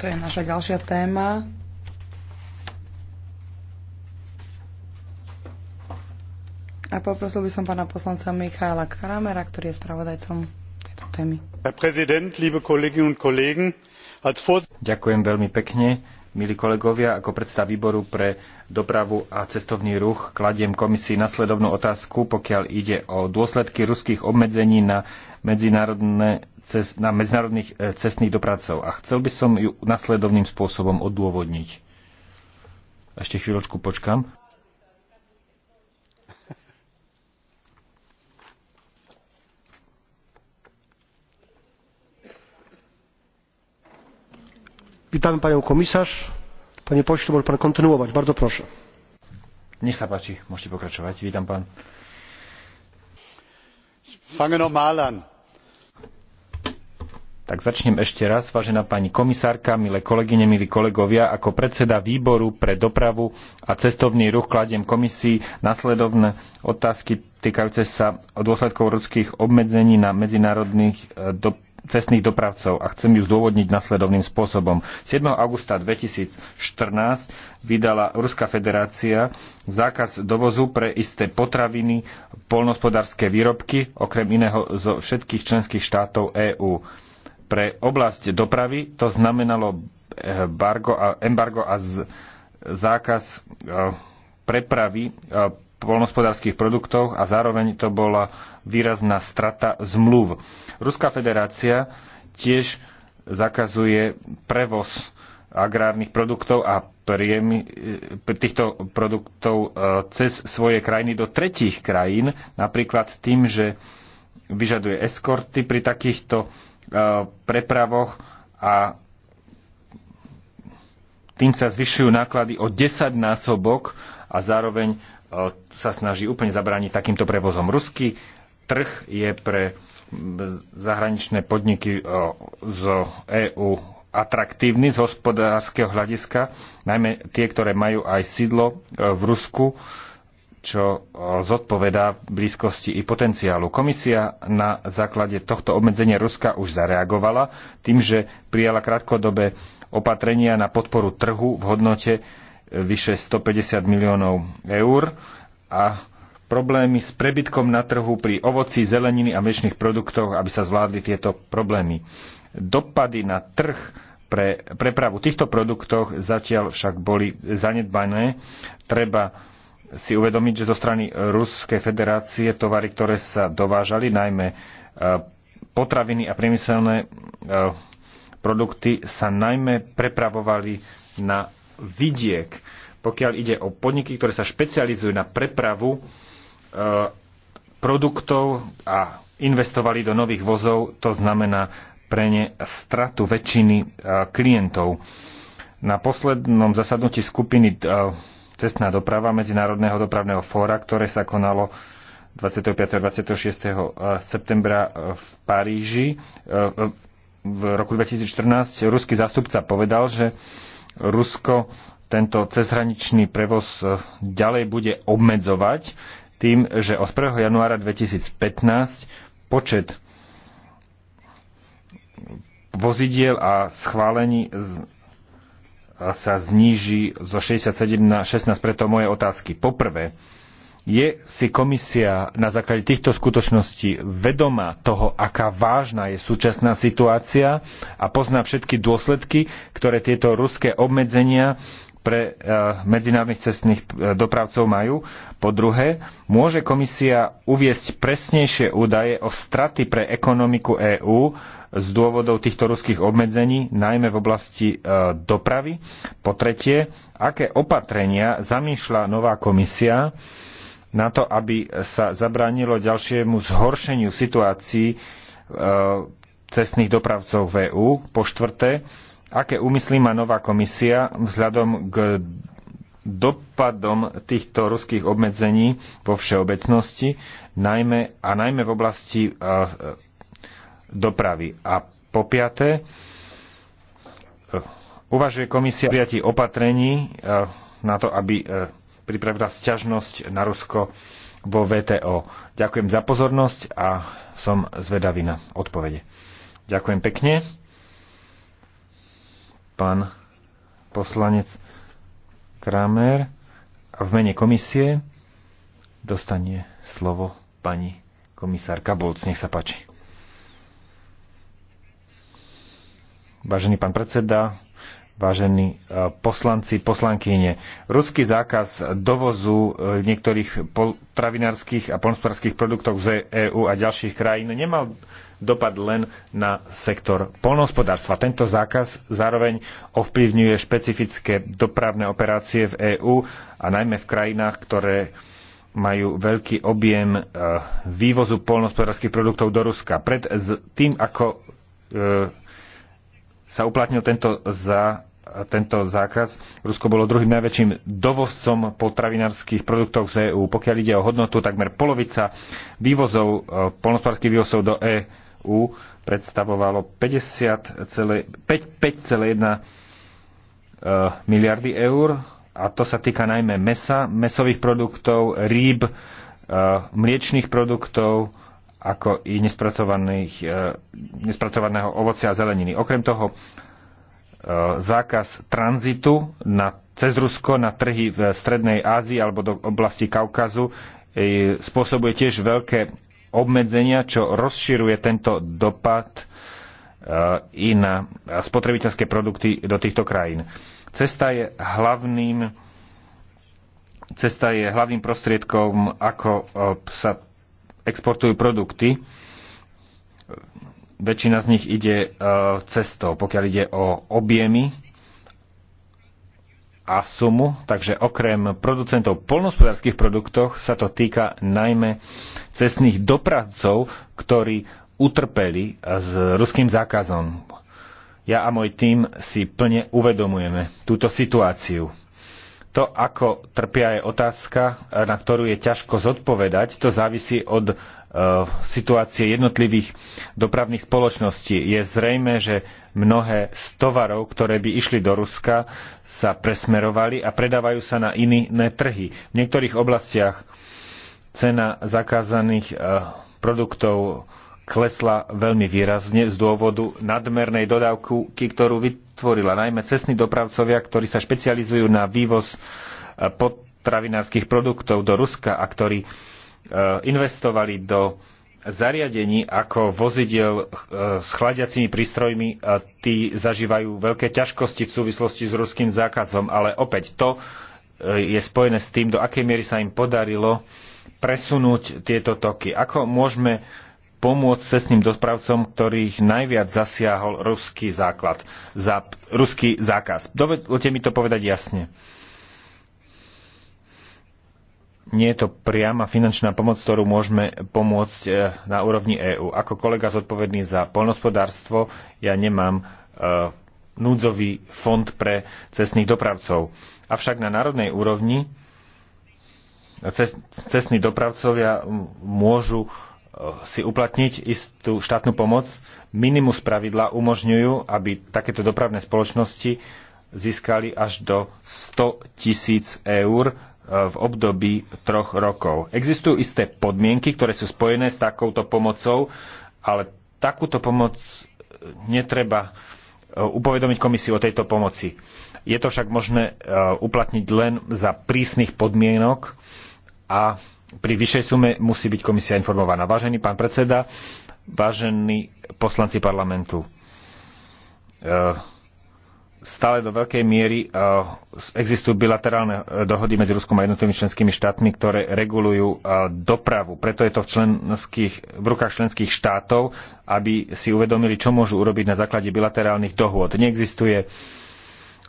To je naša ďalšia téma. A poprosil by som pána poslanca Michaela Kramera, ktorý je spravodajcom tejto témy. Ďakujem veľmi pekne. Milí kolegovia, ako predstav výboru pre dopravu a cestovný ruch kladiem komisii nasledovnú otázku, pokiaľ ide o dôsledky ruských obmedzení na medzinárodné cez, na medzinárodných e, cestných dopravcov a chcel by som ju nasledovným spôsobom odôvodniť. Ešte chvíľočku počkam. Vítame pani komisáž. Pani pośle, może pán kontinuovať. Bardzo proszę. Nech sa páči, môžete pokračovať. Vítam pán. Fange normal an tak začnem ešte raz, vážená pani komisárka, milé kolegyne, milí kolegovia, ako predseda výboru pre dopravu a cestovný ruch kladiem komisii nasledovné otázky týkajúce sa dôsledkov ruských obmedzení na medzinárodných e, cestných dopravcov a chcem ju zdôvodniť nasledovným spôsobom. 7. augusta 2014 vydala Ruská federácia zákaz dovozu pre isté potraviny, polnospodárske výrobky, okrem iného zo všetkých členských štátov EÚ pre oblasť dopravy to znamenalo eh, embargo a zákaz eh, prepravy eh, polnospodárských produktov a zároveň to bola výrazná strata zmluv. Ruská federácia tiež zakazuje prevoz agrárnych produktov a priemy, týchto produktov cez svoje krajiny do tretích krajín, napríklad tým, že vyžaduje eskorty pri takýchto E, prepravoch a tým sa zvyšujú náklady o 10 násobok a zároveň e, sa snaží úplne zabrániť takýmto prevozom. Ruský trh je pre zahraničné podniky e, z EÚ atraktívny z hospodárskeho hľadiska, najmä tie, ktoré majú aj sídlo v Rusku čo e, zodpovedá blízkosti i potenciálu. Komisia na základe tohto obmedzenia Ruska už zareagovala tým, že prijala krátkodobé opatrenia na podporu trhu v hodnote e, vyše 150 miliónov eur a problémy s prebytkom na trhu pri ovoci, zeleniny a mliečných produktoch, aby sa zvládli tieto problémy. Dopady na trh pre prepravu týchto produktoch zatiaľ však boli zanedbané. Treba si uvedomiť, že zo strany e, Ruskej federácie tovary, ktoré sa dovážali, najmä e, potraviny a priemyselné e, produkty, sa najmä prepravovali na vidiek. Pokiaľ ide o podniky, ktoré sa špecializujú na prepravu produktov a investovali do nových vozov, to znamená pre ne stratu väčšiny klientov. Na poslednom zasadnutí skupiny cestná doprava Medzinárodného dopravného fóra, ktoré sa konalo 25. a 26. Eh, septembra eh, v Paríži. Eh, v roku 2014 ruský zástupca povedal, že Rusko tento cezhraničný prevoz ďalej bude obmedzovať tým, že od 1. januára 2015 počet vozidiel a schválení sa zníži zo 67 na 16. Preto moje otázky. Poprvé, je si komisia na základe týchto skutočností vedomá toho, aká vážna je súčasná situácia a pozná všetky dôsledky, ktoré tieto ruské obmedzenia pre e, medzinárodných cestných e, dopravcov majú. Po druhé, môže komisia uviesť presnejšie údaje o straty pre ekonomiku EÚ z dôvodov týchto ruských obmedzení, najmä v oblasti e, dopravy. Po tretie, aké opatrenia zamýšľa nová komisia na to, aby sa zabránilo ďalšiemu zhoršeniu situácií cestných dopravcov v EÚ. Po štvrté, aké úmysly má nová komisia vzhľadom k dopadom týchto ruských obmedzení vo všeobecnosti, najmä, a najmä v oblasti a, dopravy. A po piaté, e, uvažuje komisia prijatí opatrení a, e, na to, aby a, e, pripravila sťažnosť na Rusko vo VTO. Ďakujem za pozornosť a som zvedavý na odpovede. Ďakujem pekne pán poslanec Kramer a v mene komisie dostane slovo pani komisárka Bolc. Nech sa páči. Vážený pán predseda, vážení e, poslanci, poslankyne. Ruský zákaz dovozu e, niektorých potravinárskych a polnospodárských produktov z EÚ a ďalších krajín nemal dopad len na sektor polnohospodárstva. Tento zákaz zároveň ovplyvňuje špecifické dopravné operácie v EÚ a najmä v krajinách, ktoré majú veľký objem e, vývozu polnohospodárských produktov do Ruska. Pred tým, ako sa uplatnil tento za tento zákaz. Rusko bolo druhým najväčším dovozcom potravinárskych produktov z EÚ. Pokiaľ ide o hodnotu, takmer polovica vývozov, e, polnospodárských vývozov do EÚ predstavovalo 5,1 e, miliardy eur a to sa týka najmä mesa, mesových produktov, rýb, e, mliečných produktov, ako i nespracovaného ovocia a zeleniny. Okrem toho E, zákaz tranzitu na, cez Rusko na trhy v Strednej Ázii alebo do oblasti Kaukazu e, spôsobuje tiež veľké obmedzenia, čo rozširuje tento dopad e, i na spotrebiteľské produkty do týchto krajín. Cesta je hlavným, cesta je hlavným prostriedkom, ako sa exportujú produkty väčšina z nich ide e, cestou, pokiaľ ide o objemy a sumu, takže okrem producentov polnospodárských produktov sa to týka najmä cestných dopravcov, ktorí utrpeli e, s ruským zákazom. Ja a môj tým si plne uvedomujeme túto situáciu. To, ako trpia, je otázka, na ktorú je ťažko zodpovedať. To závisí od situácie jednotlivých dopravných spoločností. Je zrejme, že mnohé z tovarov, ktoré by išli do Ruska, sa presmerovali a predávajú sa na iné trhy. V niektorých oblastiach cena zakázaných e, produktov klesla veľmi výrazne z dôvodu nadmernej dodávky, ktorú vytvorila najmä cestní dopravcovia, ktorí sa špecializujú na vývoz e, potravinárskych produktov do Ruska a ktorí Eh, investovali do zariadení ako vozidiel eh, s chladiacimi prístrojmi, tí zažívajú veľké ťažkosti v súvislosti s ruským zákazom, ale opäť to eh, je spojené s tým, do akej miery sa im podarilo presunúť tieto toky. Ako môžeme pomôcť cestným dopravcom, ktorých najviac zasiahol ruský základ, za, ruský zákaz. Dovedte mi to povedať jasne nie je to priama finančná pomoc, ktorú môžeme pomôcť eh, na úrovni EÚ. Ako kolega zodpovedný za poľnospodárstvo ja nemám eh, núdzový fond pre cestných dopravcov. Avšak na národnej úrovni eh, cestní dopravcovia môžu si uplatniť istú štátnu pomoc. Minimus pravidla umožňujú, aby takéto dopravné spoločnosti získali až do 100 tisíc eur E, v období troch rokov. Existujú isté podmienky, ktoré sú spojené s takouto pomocou, ale takúto pomoc e, netreba e, upovedomiť komisiu o tejto pomoci. Je to však možné uplatniť len za prísnych podmienok a pri vyššej sume musí byť komisia informovaná. Vážený pán predseda, vážení poslanci parlamentu, stále do veľkej miery eh, existujú bilaterálne eh, dohody medzi Ruskom a jednotlivými členskými štátmi, ktoré regulujú eh, dopravu. Preto je to v, členských, v rukách členských štátov, aby si uvedomili, čo môžu urobiť na základe bilaterálnych dohôd. Neexistuje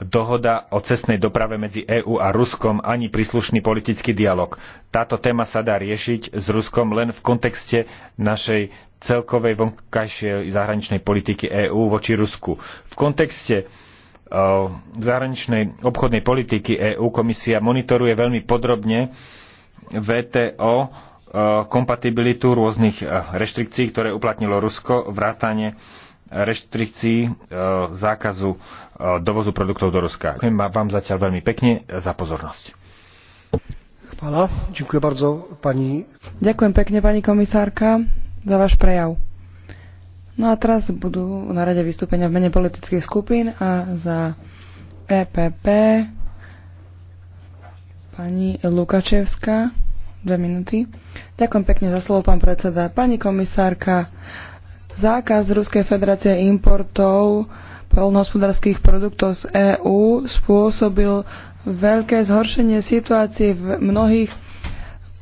dohoda o cestnej doprave medzi EÚ a Ruskom ani príslušný politický dialog. Táto téma sa dá riešiť s Ruskom len v kontexte našej celkovej vonkajšej zahraničnej politiky EÚ voči Rusku. V kontexte Eh, zahraničnej obchodnej politiky EÚ komisia monitoruje veľmi podrobne VTO eh, kompatibilitu rôznych eh, reštrikcií, ktoré uplatnilo Rusko, vrátane reštrikcií zákazu dovozu produktov do Ruska. Ďakujem vám zatiaľ veľmi pekne za pozornosť. Ďakujem bardzo pani. Ďakujem pekne pani komisárka za váš prejav. No a teraz budú na rade vystúpenia v mene politických skupín a za EPP pani Lukačevská. Dve minúty. Ďakujem pekne za slovo, pán predseda. Pani komisárka, zákaz Ruskej federácie importov poľnohospodárských produktov z EÚ spôsobil veľké zhoršenie situácie v mnohých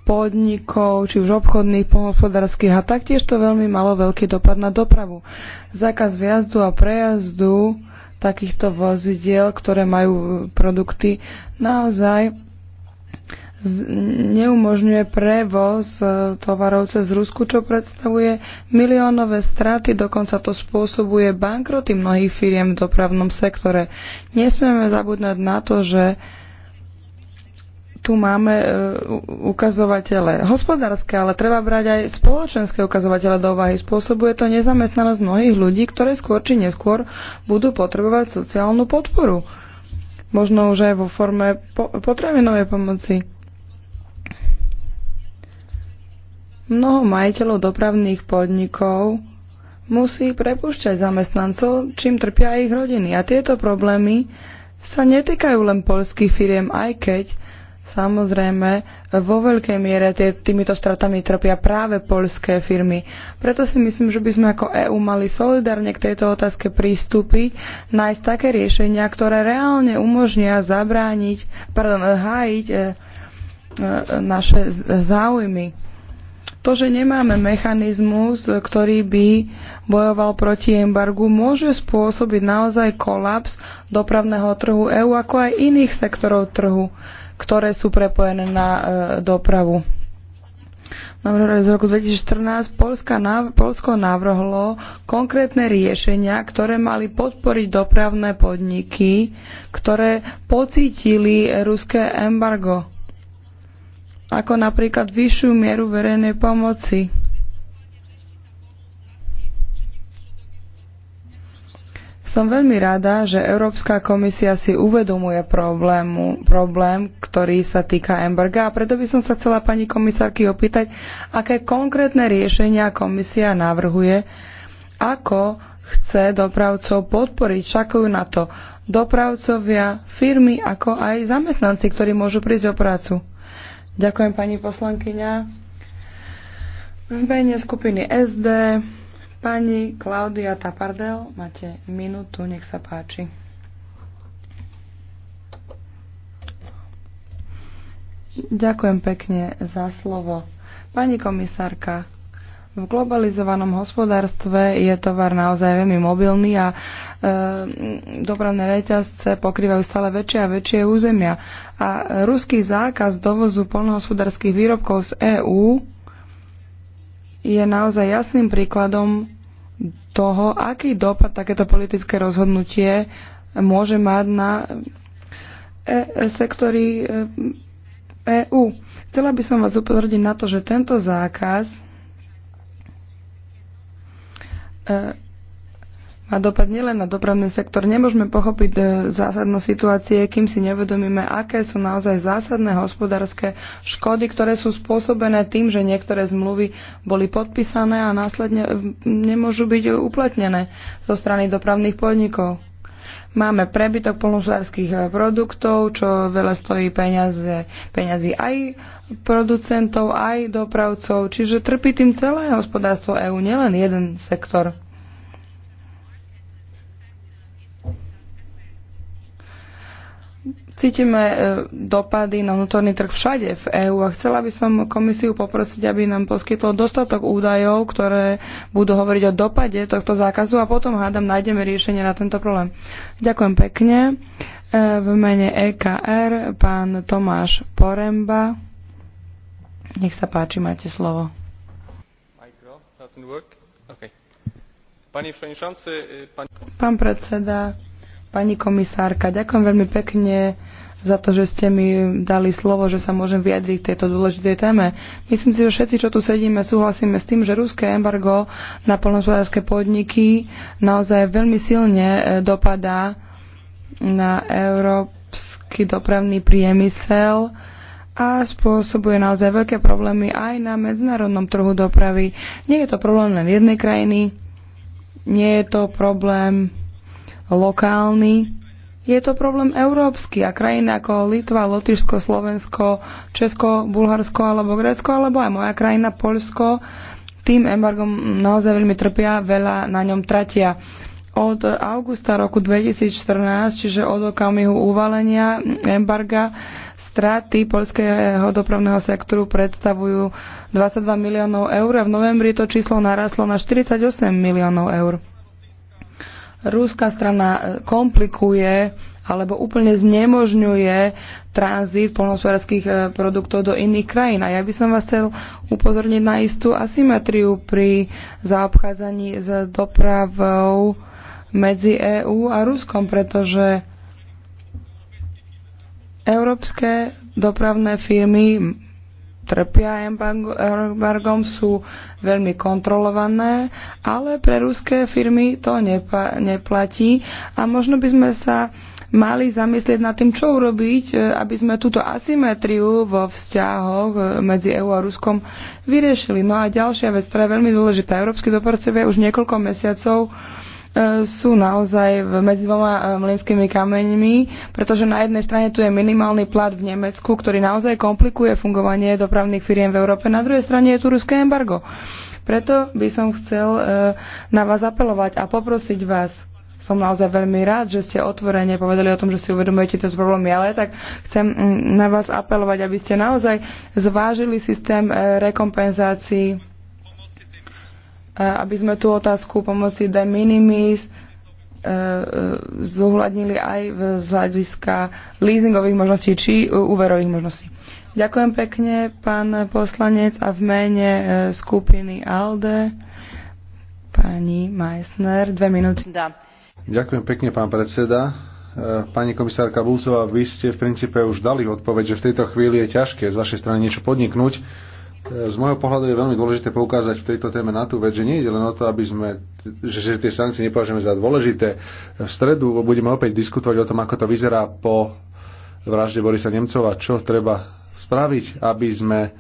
podnikov, či už obchodných, polnohospodárských a taktiež to veľmi malo veľký dopad na dopravu. Zákaz vjazdu a prejazdu takýchto vozidiel, ktoré majú e, produkty, naozaj neumožňuje prevoz e, tovarov cez Rusku, čo predstavuje miliónové straty, dokonca to spôsobuje bankroty mnohých firiem v dopravnom sektore. Nesmieme zabudnať na to, že tu máme e, ukazovatele hospodárske, ale treba brať aj spoločenské ukazovatele do úvahy. Spôsobuje to nezamestnanosť mnohých ľudí, ktoré skôr či neskôr budú potrebovať sociálnu podporu. Možno už aj vo forme potravinovej pomoci. Mnoho majiteľov dopravných podnikov musí prepušťať zamestnancov, čím trpia ich rodiny. A tieto problémy sa netýkajú len polských firiem, aj keď Samozrejme, vo veľkej miere tie, týmito stratami trpia práve poľské firmy. Preto si myslím, že by sme ako EÚ mali solidárne k tejto otázke pristúpiť, nájsť také riešenia, ktoré reálne umožnia zabrániť, pardon, hájiť e, e, naše záujmy. To, že nemáme mechanizmus, ktorý by bojoval proti embargu, môže spôsobiť naozaj kolaps dopravného trhu EÚ ako aj iných sektorov trhu ktoré sú prepojené na e, dopravu. Z roku 2014 Polska, Polsko navrhlo konkrétne riešenia, ktoré mali podporiť dopravné podniky, ktoré pocítili ruské embargo, ako napríklad vyššiu mieru verejnej pomoci Som veľmi rada, že Európska komisia si uvedomuje problému, problém, ktorý sa týka Emberga a preto by som sa chcela pani komisárky opýtať, aké konkrétne riešenia komisia navrhuje, ako chce dopravcov podporiť, čakajú na to dopravcovia, firmy, ako aj zamestnanci, ktorí môžu prísť o prácu. Ďakujem pani poslankyňa. V mene skupiny SD Pani Klaudia Tapardel, máte minútu, nech sa páči. Ďakujem pekne za slovo. Pani komisárka, v globalizovanom hospodárstve je tovar naozaj veľmi mobilný a e, dopravné reťazce pokrývajú stále väčšie a väčšie územia. A ruský zákaz dovozu polnohospodárských výrobkov z EÚ je naozaj jasným príkladom toho, aký dopad takéto politické rozhodnutie môže mať na e-, e sektory EÚ. E Chcela by som vás upozorniť na to, že tento zákaz e má dopad nielen na dopravný sektor. Nemôžeme pochopiť e, zásadné situácie, kým si nevedomíme, aké sú naozaj zásadné hospodárske škody, ktoré sú spôsobené tým, že niektoré zmluvy boli podpísané a následne e, nemôžu byť uplatnené zo strany dopravných podnikov. Máme prebytok polnospodárských e, produktov, čo veľa stojí peniaze, peniazy aj producentov, aj dopravcov, čiže trpí tým celé hospodárstvo EÚ, nielen jeden sektor. Cítime e, dopady na vnútorný trh všade v EÚ a chcela by som komisiu poprosiť, aby nám poskytlo dostatok údajov, ktoré budú hovoriť o dopade tohto zákazu a potom hádam nájdeme riešenie na tento problém. Ďakujem pekne. E, v mene EKR pán Tomáš Poremba. Nech sa páči, máte slovo. E, pán predseda, Pani komisárka, ďakujem veľmi pekne za to, že ste mi dali slovo, že sa môžem vyjadriť k tejto dôležitej téme. Myslím si, že všetci, čo tu sedíme, súhlasíme s tým, že ruské embargo na polnospodárske podniky naozaj veľmi silne e, dopadá na európsky dopravný priemysel a spôsobuje naozaj veľké problémy aj na medzinárodnom trhu dopravy. Nie je to problém len jednej krajiny, nie je to problém lokálny. Je to problém európsky a krajiny ako Litva, Lotyšsko, Slovensko, Česko, Bulharsko alebo Grécko, alebo aj moja krajina Polsko, tým embargom naozaj veľmi trpia, veľa na ňom tratia. Od augusta roku 2014, čiže od okamihu uvalenia embarga, straty polského dopravného sektoru predstavujú 22 miliónov eur a v novembri to číslo narastlo na 48 miliónov eur. Ruská strana e, komplikuje alebo úplne znemožňuje tranzit polnospodárských e, produktov do iných krajín. A ja by som vás chcel upozorniť na istú asymetriu pri zaobchádzaní s dopravou medzi EÚ a Ruskom, pretože európske dopravné firmy trpia embargom, sú veľmi kontrolované, ale pre ruské firmy to neplatí a možno by sme sa mali zamyslieť nad tým, čo urobiť, e, aby sme túto asymetriu vo vzťahoch e, medzi EU a Ruskom vyriešili. No a ďalšia vec, ktorá je veľmi dôležitá. Európsky dopravcovia už niekoľko mesiacov uh, E, sú naozaj medzi dvoma e, mlinskými kameňmi, pretože na jednej strane tu je minimálny plat v Nemecku, ktorý naozaj komplikuje fungovanie dopravných firiem v Európe, na druhej strane je tu ruské embargo. Preto by som chcel e, na vás apelovať a poprosiť vás, som naozaj veľmi rád, že ste otvorene povedali o tom, že si uvedomujete tieto problémy, ale tak chcem mm, na vás apelovať, aby ste naozaj zvážili systém rekompenzácií E, aby sme tú otázku pomoci de minimis e, e, zohľadnili aj z hľadiska leasingových možností či úverových možností. Ďakujem pekne, pán poslanec, a v mene skupiny ALDE pani Meissner, dve minúty. Ďakujem pekne, pán predseda. Pani komisárka Bulcová, vy ste v princípe už dali odpoveď, že v tejto chvíli je ťažké z vašej strany niečo podniknúť z môjho pohľadu je veľmi dôležité poukázať v tejto téme na tú vec, že nie je len o to, aby sme, že, že tie sankcie nepovažujeme za dôležité. V stredu budeme opäť diskutovať o tom, ako to vyzerá po vražde Borisa Nemcova, čo treba spraviť, aby sme eh,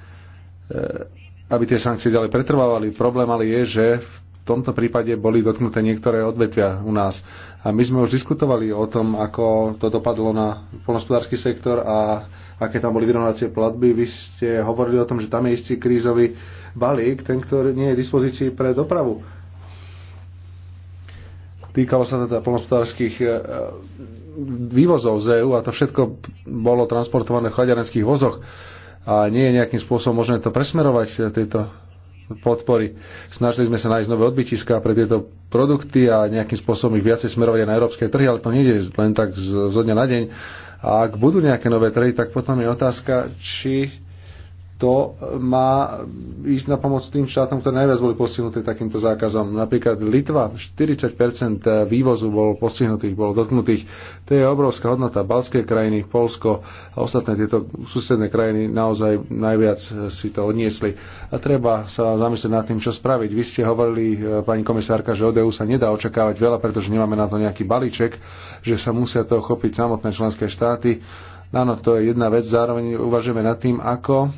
aby tie sankcie ďalej pretrvávali. Problém ale je, že v tomto prípade boli dotknuté niektoré odvetvia u nás. A my sme už diskutovali o tom, ako to dopadlo na polnospodársky sektor a aké tam boli vyrovnacie platby. Vy ste hovorili o tom, že tam je istý krízový balík, ten, ktorý nie je v dispozícii pre dopravu. Týkalo sa teda polnospodárských e, vývozov z EU a to všetko bolo transportované v chladiarenských vozoch a nie je nejakým spôsobom možné to presmerovať e, tieto podpory. Snažili sme sa nájsť nové odbytiska pre tieto produkty a nejakým spôsobom ich viacej smerovať na európske trhy, ale to nejde len tak zo dňa na deň. A ak budú nejaké nové trhy, tak potom je otázka, či to má ísť na pomoc tým štátom, ktoré najviac boli postihnuté takýmto zákazom. Napríklad Litva, 40% vývozu bolo postihnutých, bolo dotknutých. To je obrovská hodnota. Balské krajiny, Polsko a ostatné tieto susedné krajiny naozaj najviac si to odniesli. A treba sa zamyslieť nad tým, čo spraviť. Vy ste hovorili, e, pani komisárka, že od EU sa nedá očakávať veľa, pretože nemáme na to nejaký balíček, že sa musia to chopiť samotné členské štáty. Áno, to je jedna vec. Zároveň uvažujeme nad tým, ako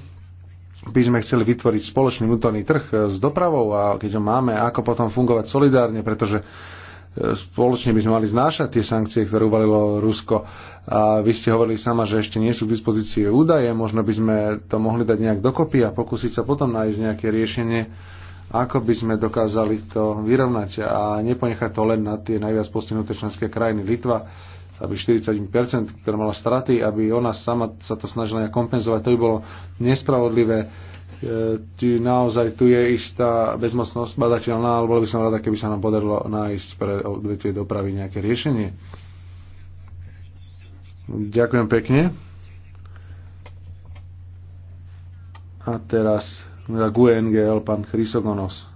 by sme chceli vytvoriť spoločný vnútorný trh eh, s dopravou a keď ho máme, ako potom fungovať solidárne, pretože eh, spoločne by sme mali znášať tie sankcie, ktoré uvalilo Rusko. A vy ste hovorili sama, že ešte nie sú k dispozícii údaje, možno by sme to mohli dať nejak dokopy a pokúsiť sa potom nájsť nejaké riešenie, ako by sme dokázali to vyrovnať a neponechať to len na tie najviac postihnuté členské krajiny. Litva aby 40%, ktorá mala straty, aby ona sama sa to snažila nejak kompenzovať, to by bolo nespravodlivé. E, naozaj tu je istá bezmocnosť badateľná, ale bolo by som rada, keby sa nám podarilo nájsť pre odvetvie dopravy nejaké riešenie. Ďakujem pekne. A teraz za GUNGL pán Chrysogonos.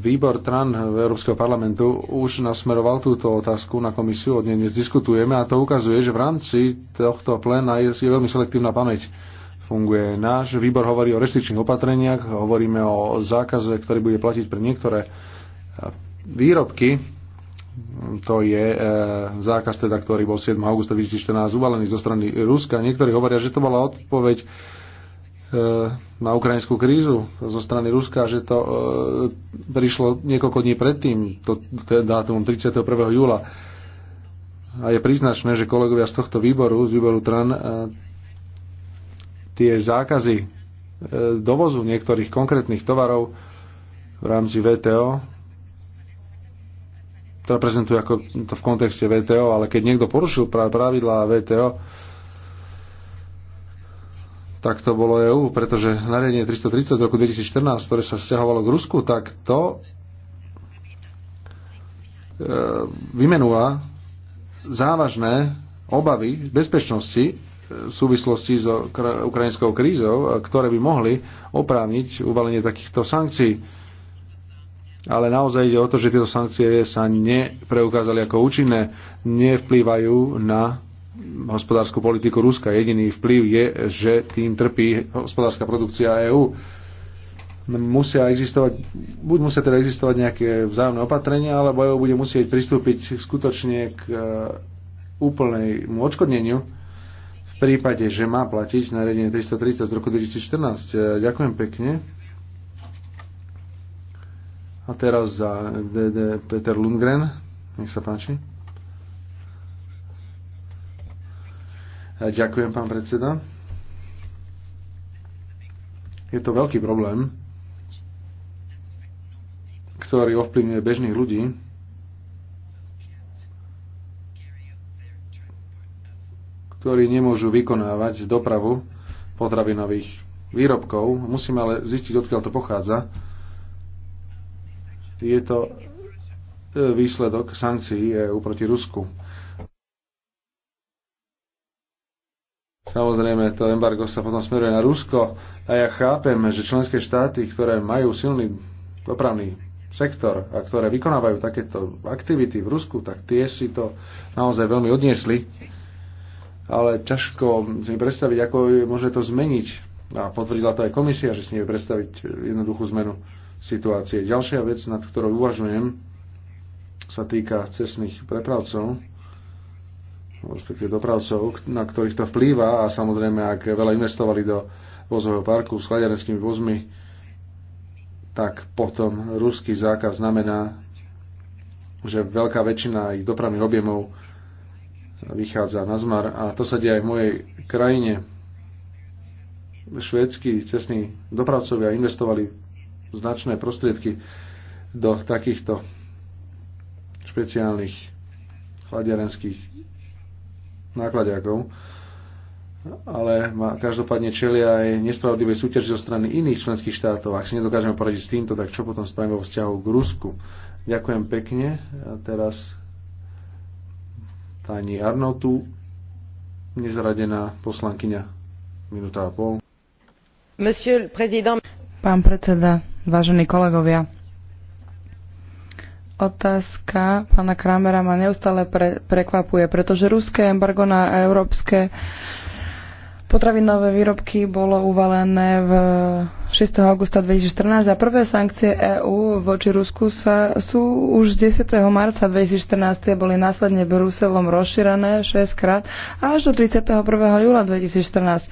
Výbor TRAN Európskeho parlamentu už nasmeroval túto otázku na komisiu, o nej dnes diskutujeme a to ukazuje, že v rámci tohto pléna je, je veľmi selektívna pamäť. Funguje náš výbor hovorí o restričných opatreniach, hovoríme o zákaze, ktorý bude platiť pre niektoré výrobky, to je e, zákaz, teda, ktorý bol 7. augusta 2014 uvalený zo strany Ruska. Niektorí hovoria, že to bola odpoveď E, na ukrajinskú krízu zo strany Ruska, že to e, prišlo niekoľko dní predtým, to, to dátum 31. júla. A je príznačné, že kolegovia z tohto výboru, z výboru TRAN, e, tie zákazy dovozu niektorých konkrétnych tovarov v rámci VTO, to prezentujú ako to v kontexte VTO, ale keď niekto porušil pravidlá VTO, tak to bolo EU, pretože nariadenie 330 z roku 2014, ktoré sa vzťahovalo k Rusku, tak to e, vymenúva závažné obavy bezpečnosti e, v súvislosti s so ukrajinskou krízou, e, ktoré by mohli oprávniť uvalenie takýchto sankcií. Ale naozaj ide o to, že tieto sankcie sa nepreukázali ako účinné, nevplývajú na hospodárskú politiku Ruska. Jediný vplyv je, že tým trpí hospodárska produkcia EÚ. Musia existovať, buď musia teda existovať nejaké vzájomné opatrenia, alebo EÚ bude musieť pristúpiť skutočne k e, úplnému odškodneniu v prípade, že má platiť nariadenie 330 z roku 2014. E, ďakujem pekne. A teraz za DD Peter Lundgren. Nech sa páči. Ďakujem, pán predseda. Je to veľký problém, ktorý ovplyvňuje bežných ľudí. ktorí nemôžu vykonávať dopravu potravinových výrobkov. Musíme ale zistiť, odkiaľ to pochádza. Je to e, výsledok sankcií EU proti Rusku Samozrejme, to embargo sa potom smeruje na Rusko a ja chápem, že členské štáty, ktoré majú silný dopravný sektor a ktoré vykonávajú takéto aktivity v Rusku, tak tie si to naozaj veľmi odniesli. Ale ťažko si predstaviť, ako je to zmeniť. A potvrdila to aj komisia, že si nevie predstaviť jednoduchú zmenu situácie. Ďalšia vec, nad ktorou uvažujem, sa týka cestných prepravcov respektíve dopravcov, na ktorých to vplýva a samozrejme, ak veľa investovali do vozového parku s chladiarenskými vozmi, tak potom ruský zákaz znamená, že veľká väčšina ich dopravných objemov vychádza na zmar a to sa deje aj v mojej krajine. Švédsky cestní dopravcovia investovali značné prostriedky do takýchto špeciálnych chladiarenských nákladiakov, ale má, každopádne čelia aj nespravodlivé súťaži zo strany iných členských štátov. Ak si nedokážeme poradiť s týmto, tak čo potom spravíme vo vzťahu k Rusku? Ďakujem pekne. A teraz pani Arnotu, nezaradená poslankyňa, minúta a pol. Pán predseda, vážení kolegovia, otázka pána Kramera ma neustále pre, prekvapuje, pretože ruské embargo na európske potravinové výrobky bolo uvalené v 6. augusta 2014 a prvé sankcie EÚ voči Rusku sa, sú už z 10. marca 2014 boli následne Bruselom rozšírené 6 krát až do 31. júla 2014.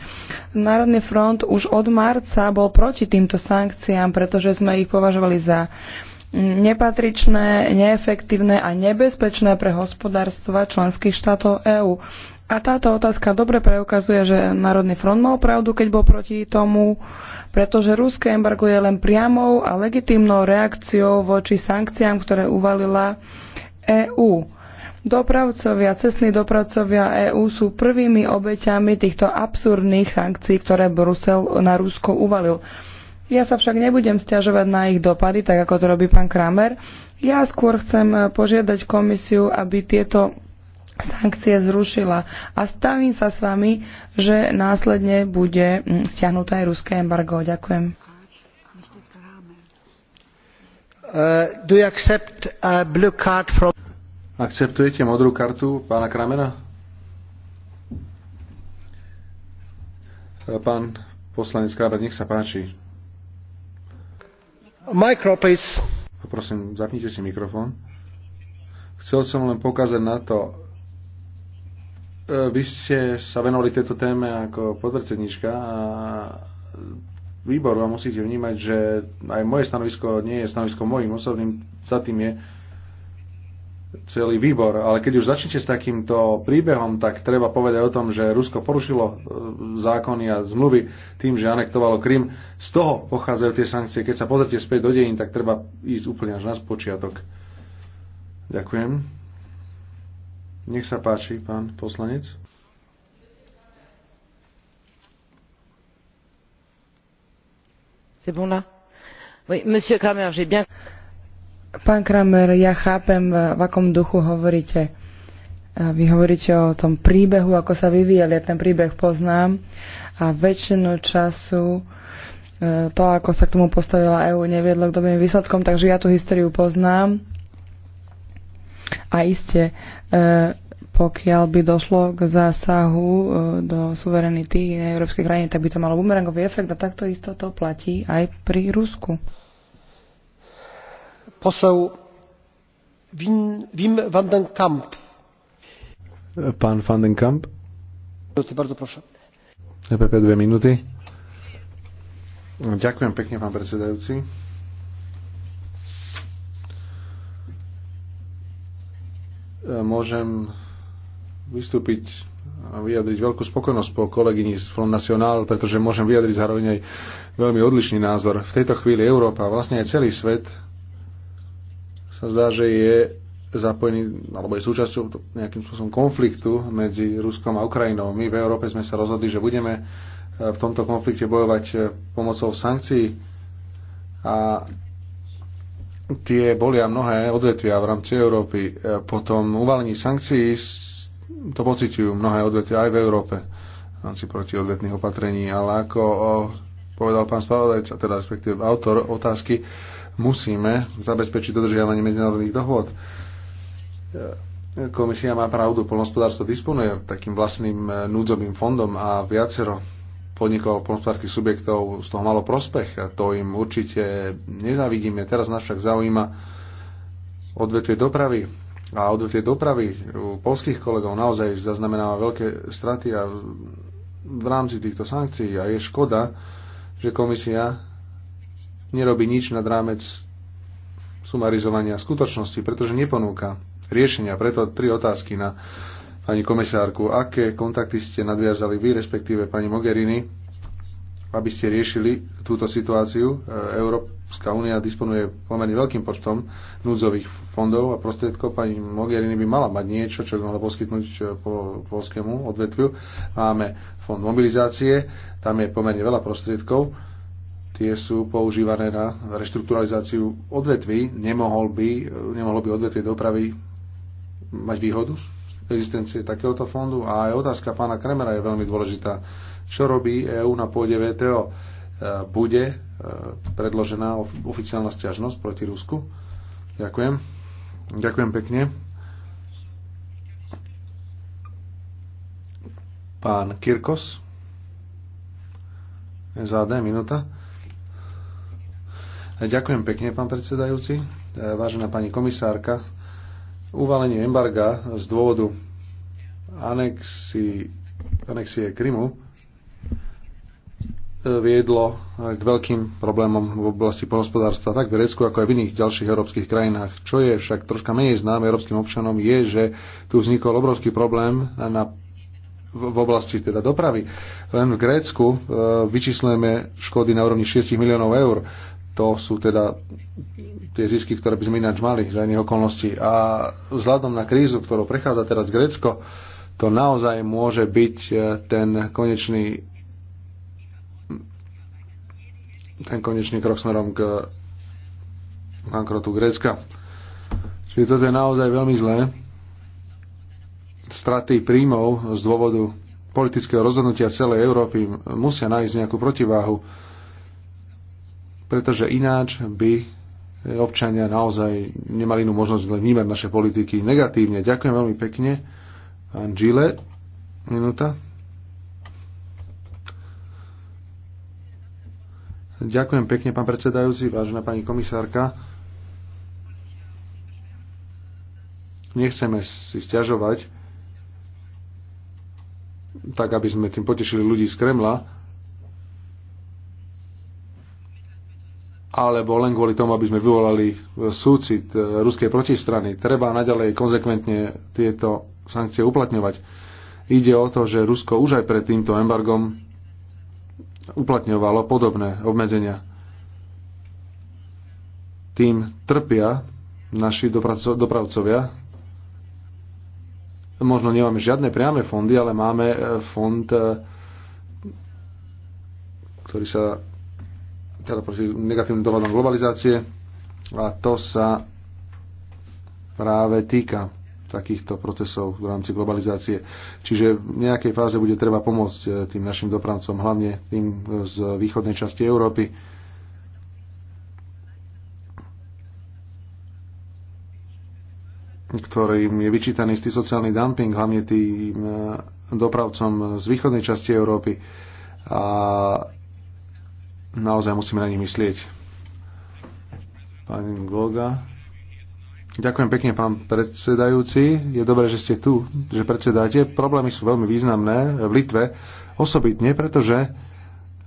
Národný front už od marca bol proti týmto sankciám, pretože sme ich považovali za uh, nepatričné, neefektívne a nebezpečné pre hospodárstva členských štátov EÚ. A táto otázka dobre preukazuje, že Národný front mal pravdu, keď bol proti tomu, pretože ruské embargo je len priamou a legitímnou reakciou voči sankciám, ktoré uvalila EÚ. Dopravcovia, cestní dopravcovia EÚ sú prvými obeťami týchto absurdných sankcií, ktoré Brusel na Rusko uvalil. Ja sa však nebudem stiažovať na ich dopady, tak ako to robí pán Kramer. Ja skôr chcem e, požiadať komisiu, aby tieto sankcie zrušila. A stavím sa s vami, že následne bude mm, stiahnuté aj ruské embargo. Ďakujem. Uh, do you accept a blue card from... Akceptujete modrú kartu pána Kramera? Pán poslanec Kramer, nech sa páči. Micro, please. Prosím, zapnite si mikrofón. Chcel som len pokázať na to, e, vy ste sa venovali tejto téme ako podpredsednička a výboru a musíte vnímať, že aj moje stanovisko nie je stanovisko mojim osobným, za tým je celý výbor. Ale keď už začnete s takýmto príbehom, tak treba povedať o tom, že Rusko porušilo e, zákony a zmluvy tým, že anektovalo Krym. Z toho pochádzajú tie sankcie. Keď sa pozrite späť do dejín, tak treba ísť úplne až na spočiatok. Ďakujem. Nech sa páči, pán poslanec. Oui, monsieur Kramer, j'ai bien... Pán Kramer, ja chápem, v akom duchu hovoríte. Vy hovoríte o tom príbehu, ako sa vyvíjali. Ja ten príbeh poznám a väčšinu času e, to, ako sa k tomu postavila EÚ, neviedlo k dobrým výsledkom, takže ja tú históriu poznám. A iste, e, pokiaľ by došlo k zásahu e, do suverenity európskej krajiny, tak by to malo bumerangový efekt a takto isto to platí aj pri Rusku. Pán Van den Kamp. Bardzo proszę. EPP dve minúty. Ďakujem pekne, pán predsedajúci. Môžem vystúpiť a e, vyjadriť veľkú spokojnosť po kolegyni z Front National, pretože môžem vyjadriť zároveň aj veľmi odlišný názor. V tejto chvíli Európa, vlastne aj celý svet sa zdá, že je zapojený, alebo je súčasťou nejakým spôsobom konfliktu medzi Ruskom a Ukrajinou. My v Európe sme sa rozhodli, že budeme e, v tomto konflikte bojovať e, pomocou sankcií a tie bolia mnohé odvetvia v rámci Európy. E, potom uvalení sankcií to pocitujú mnohé odvetvia aj v Európe v rámci protiodvetných opatrení, ale ako povedal pán spravodajca, teda respektíve autor otázky, musíme zabezpečiť dodržiavanie medzinárodných dohôd. Komisia má pravdu, polnospodárstvo disponuje takým vlastným e, núdzovým fondom a viacero podnikov polnospodárských subjektov z toho malo prospech a to im určite nezavidíme. Teraz nás však zaujíma odvetvie dopravy a odvetvie dopravy u polských kolegov naozaj zaznamenáva veľké straty a v rámci týchto sankcií a je škoda, že komisia nerobí nič nad rámec sumarizovania skutočnosti, pretože neponúka riešenia. Preto tri otázky na pani komisárku. Aké kontakty ste nadviazali vy, respektíve pani Mogherini, aby ste riešili túto situáciu? E, Európska únia disponuje pomerne veľkým počtom núdzových fondov a prostriedkov. Pani Mogherini by mala mať niečo, čo by mohla poskytnúť e, po polskému odvetviu. Máme fond mobilizácie, tam je pomerne veľa prostriedkov tie sú používané na reštrukturalizáciu odvetví. Nemohol by, nemohlo by odvetvie dopravy mať výhodu z existencie takéhoto fondu? A aj otázka pána Kremera je veľmi dôležitá. Čo robí EÚ na pôde VTO? E, bude e, predložená oficiálna stiažnosť proti Rusku? Ďakujem. Ďakujem pekne. Pán Kirkos. SAD, minúta. Ďakujem pekne, pán predsedajúci. Vážená pani komisárka, uvalenie embarga z dôvodu anexi, anexie Krymu e, viedlo k veľkým problémom v oblasti polnospodárstva tak v Grécku, ako aj v iných ďalších európskych krajinách. Čo je však troška menej známe európskym občanom, je, že tu vznikol obrovský problém na v oblasti teda dopravy. Len v Grécku e, vyčíslujeme škody na úrovni 6 miliónov eur to sú teda tie zisky, ktoré by sme ináč mali za iných okolností. A vzhľadom na krízu, ktorú prechádza teraz Grécko, to naozaj môže byť e, ten konečný ten konečný krok smerom k bankrotu Grécka. Čiže toto je naozaj veľmi zlé. Straty príjmov z dôvodu politického rozhodnutia celej Európy musia nájsť nejakú protiváhu pretože ináč by občania naozaj nemali inú možnosť len vnímať naše politiky negatívne. Ďakujem veľmi pekne. Angile, minúta. Ďakujem pekne, pán predsedajúci, vážená pani komisárka. Nechceme si stiažovať, tak aby sme tým potešili ľudí z Kremla, alebo len kvôli tomu, aby sme vyvolali e, súcit e, ruskej protistrany. Treba naďalej konzekventne tieto sankcie uplatňovať. Ide o to, že Rusko už aj pred týmto embargom uplatňovalo podobné obmedzenia. Tým trpia naši dopravcovia. Možno nemáme žiadne priame fondy, ale máme e, fond, ktorý sa teda proti negatívnym dopadom globalizácie a to sa práve týka takýchto procesov v rámci globalizácie. Čiže v nejakej fáze bude treba pomôcť e, tým našim dopravcom, hlavne tým e, z východnej časti Európy. ktorým je vyčítaný istý sociálny dumping, hlavne tým e, dopravcom z východnej časti Európy. A naozaj musíme na nich myslieť. Pán Goga. Ďakujem pekne, pán predsedajúci. Je dobré, že ste tu, že predsedáte. Problémy sú veľmi významné v Litve, osobitne, pretože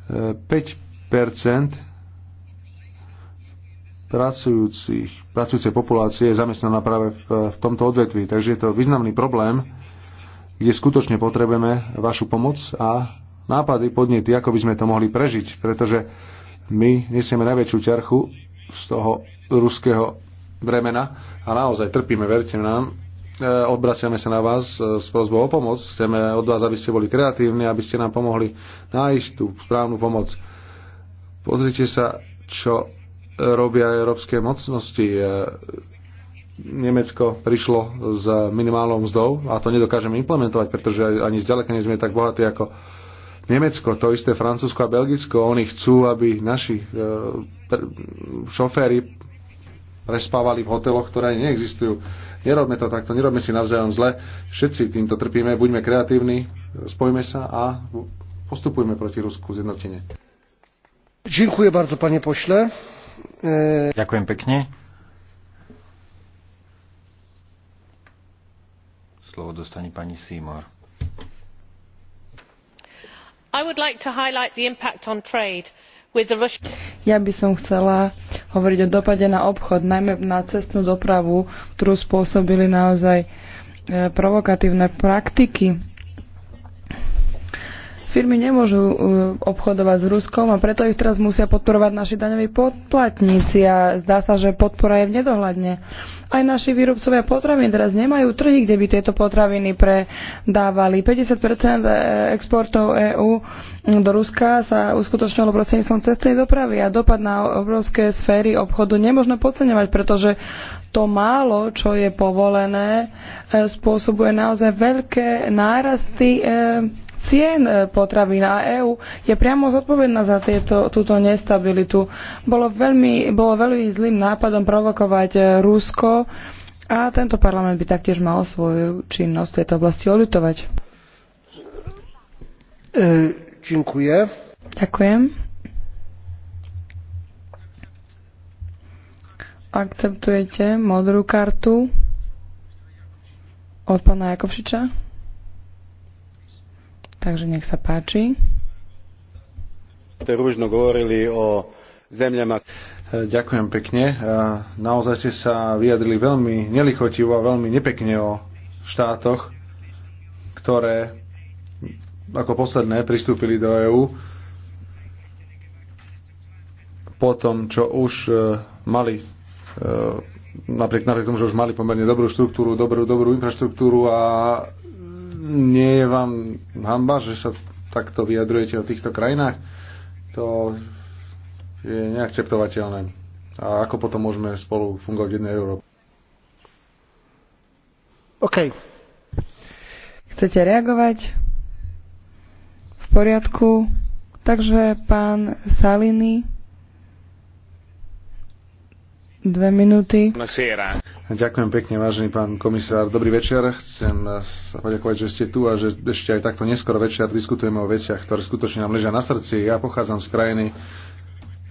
5 e, pracujúcich, pracujúcej populácie je zamestnaná práve v, v tomto odvetví. Takže je to významný problém, kde skutočne potrebujeme vašu pomoc a nápady, podnety, ako by sme to mohli prežiť, pretože my nesieme najväčšiu ťarchu z toho ruského bremena a naozaj trpíme, verte nám. E, obraciame sa na vás e, s prozbou o pomoc. Chceme od vás, aby ste boli kreatívni, aby ste nám pomohli nájsť tú správnu pomoc. Pozrite sa, čo robia európske mocnosti. E, Nemecko prišlo s minimálnou mzdou a to nedokážeme implementovať, pretože ani zďaleka nie sme tak bohatí ako Nemecko, to isté Francúzsko a Belgicko, oni chcú, aby naši e, šoféry prespávali v hoteloch, ktoré neexistujú. Nerobme to takto, nerobme si navzájom zle. Všetci týmto trpíme, buďme kreatívni, spojme sa a postupujme proti Rusku zjednotene. Ďakujem bardzo, pane pošle. E... Ďakujem pekne. Slovo dostane pani Seymour ja by som chcela hovoriť o dopade na obchod, najmä na cestnú dopravu, ktorú spôsobili naozaj e, provokatívne praktiky Firmy nemôžu e, obchodovať s Ruskom a preto ich teraz musia podporovať naši daňoví poplatníci a zdá sa, že podpora je v nedohľadne. Aj naši výrobcovia potravín teraz nemajú trhy, kde by tieto potraviny predávali. 50 e, exportov EÚ do Ruska sa uskutočnilo prostredníctvom cestnej dopravy a dopad na obrovské sféry obchodu nemôžno podceňovať, pretože to málo, čo je povolené, e, spôsobuje naozaj veľké nárasty cien e, potravín a EÚ je priamo zodpovedná za tieto, túto nestabilitu. Bolo veľmi, bolo veľmi zlým nápadom provokovať e, Rusko a tento parlament by taktiež mal svoju činnosť v tejto oblasti oľutovať. E, ďakujem. Ďakujem. Akceptujete modrú kartu od pána Jakovšiča? Takže nech sa páči. rúžno govorili o zemľama. E, ďakujem pekne. E, naozaj ste sa vyjadrili veľmi nelichotivo a veľmi nepekne o štátoch, ktoré ako posledné pristúpili do EÚ po tom, čo už e, mali napriek, napriek tomu, že už mali pomerne dobrú štruktúru, dobrú, dobrú infraštruktúru a nie je vám hamba, že sa takto vyjadrujete o týchto krajinách? To je neakceptovateľné. A ako potom môžeme spolu fungovať v jednej Európe? OK. Chcete reagovať? V poriadku. Takže pán Salini. Dve minúty. Ďakujem pekne, vážený pán komisár. Dobrý večer. Chcem sa poďakovať, že ste tu a že ešte aj takto neskoro večer diskutujeme o veciach, ktoré skutočne nám ležia na srdci. Ja pochádzam z krajiny,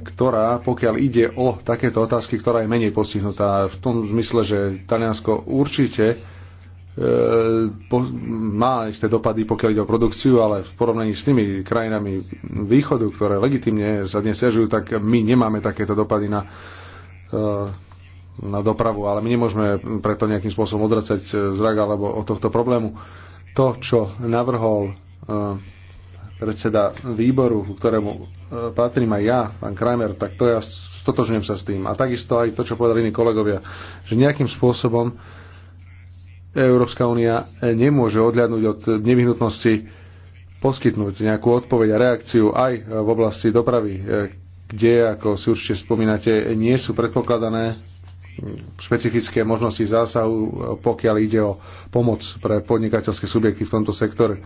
ktorá, pokiaľ ide o takéto otázky, ktorá je menej postihnutá v tom zmysle, že Taliansko určite e, po, má isté dopady, pokiaľ ide o produkciu, ale v porovnaní s tými krajinami východu, ktoré legitimne sa dnes sežujú, tak my nemáme takéto dopady na Eh, na dopravu, ale my nemôžeme preto nejakým spôsobom odracať eh, zrak alebo od tohto problému. To, čo navrhol eh, predseda výboru, ku ktorému patrím aj ja, pán Kramer, tak to ja stotožňujem sa s tým. A takisto aj to, čo povedali iní kolegovia, že nejakým spôsobom Európska únia nemôže odľadnúť od nevyhnutnosti poskytnúť nejakú odpoveď a reakciu aj v oblasti dopravy kde, ako si určite spomínate, nie sú predpokladané špecifické možnosti zásahu, pokiaľ ide o pomoc pre podnikateľské subjekty v tomto sektore.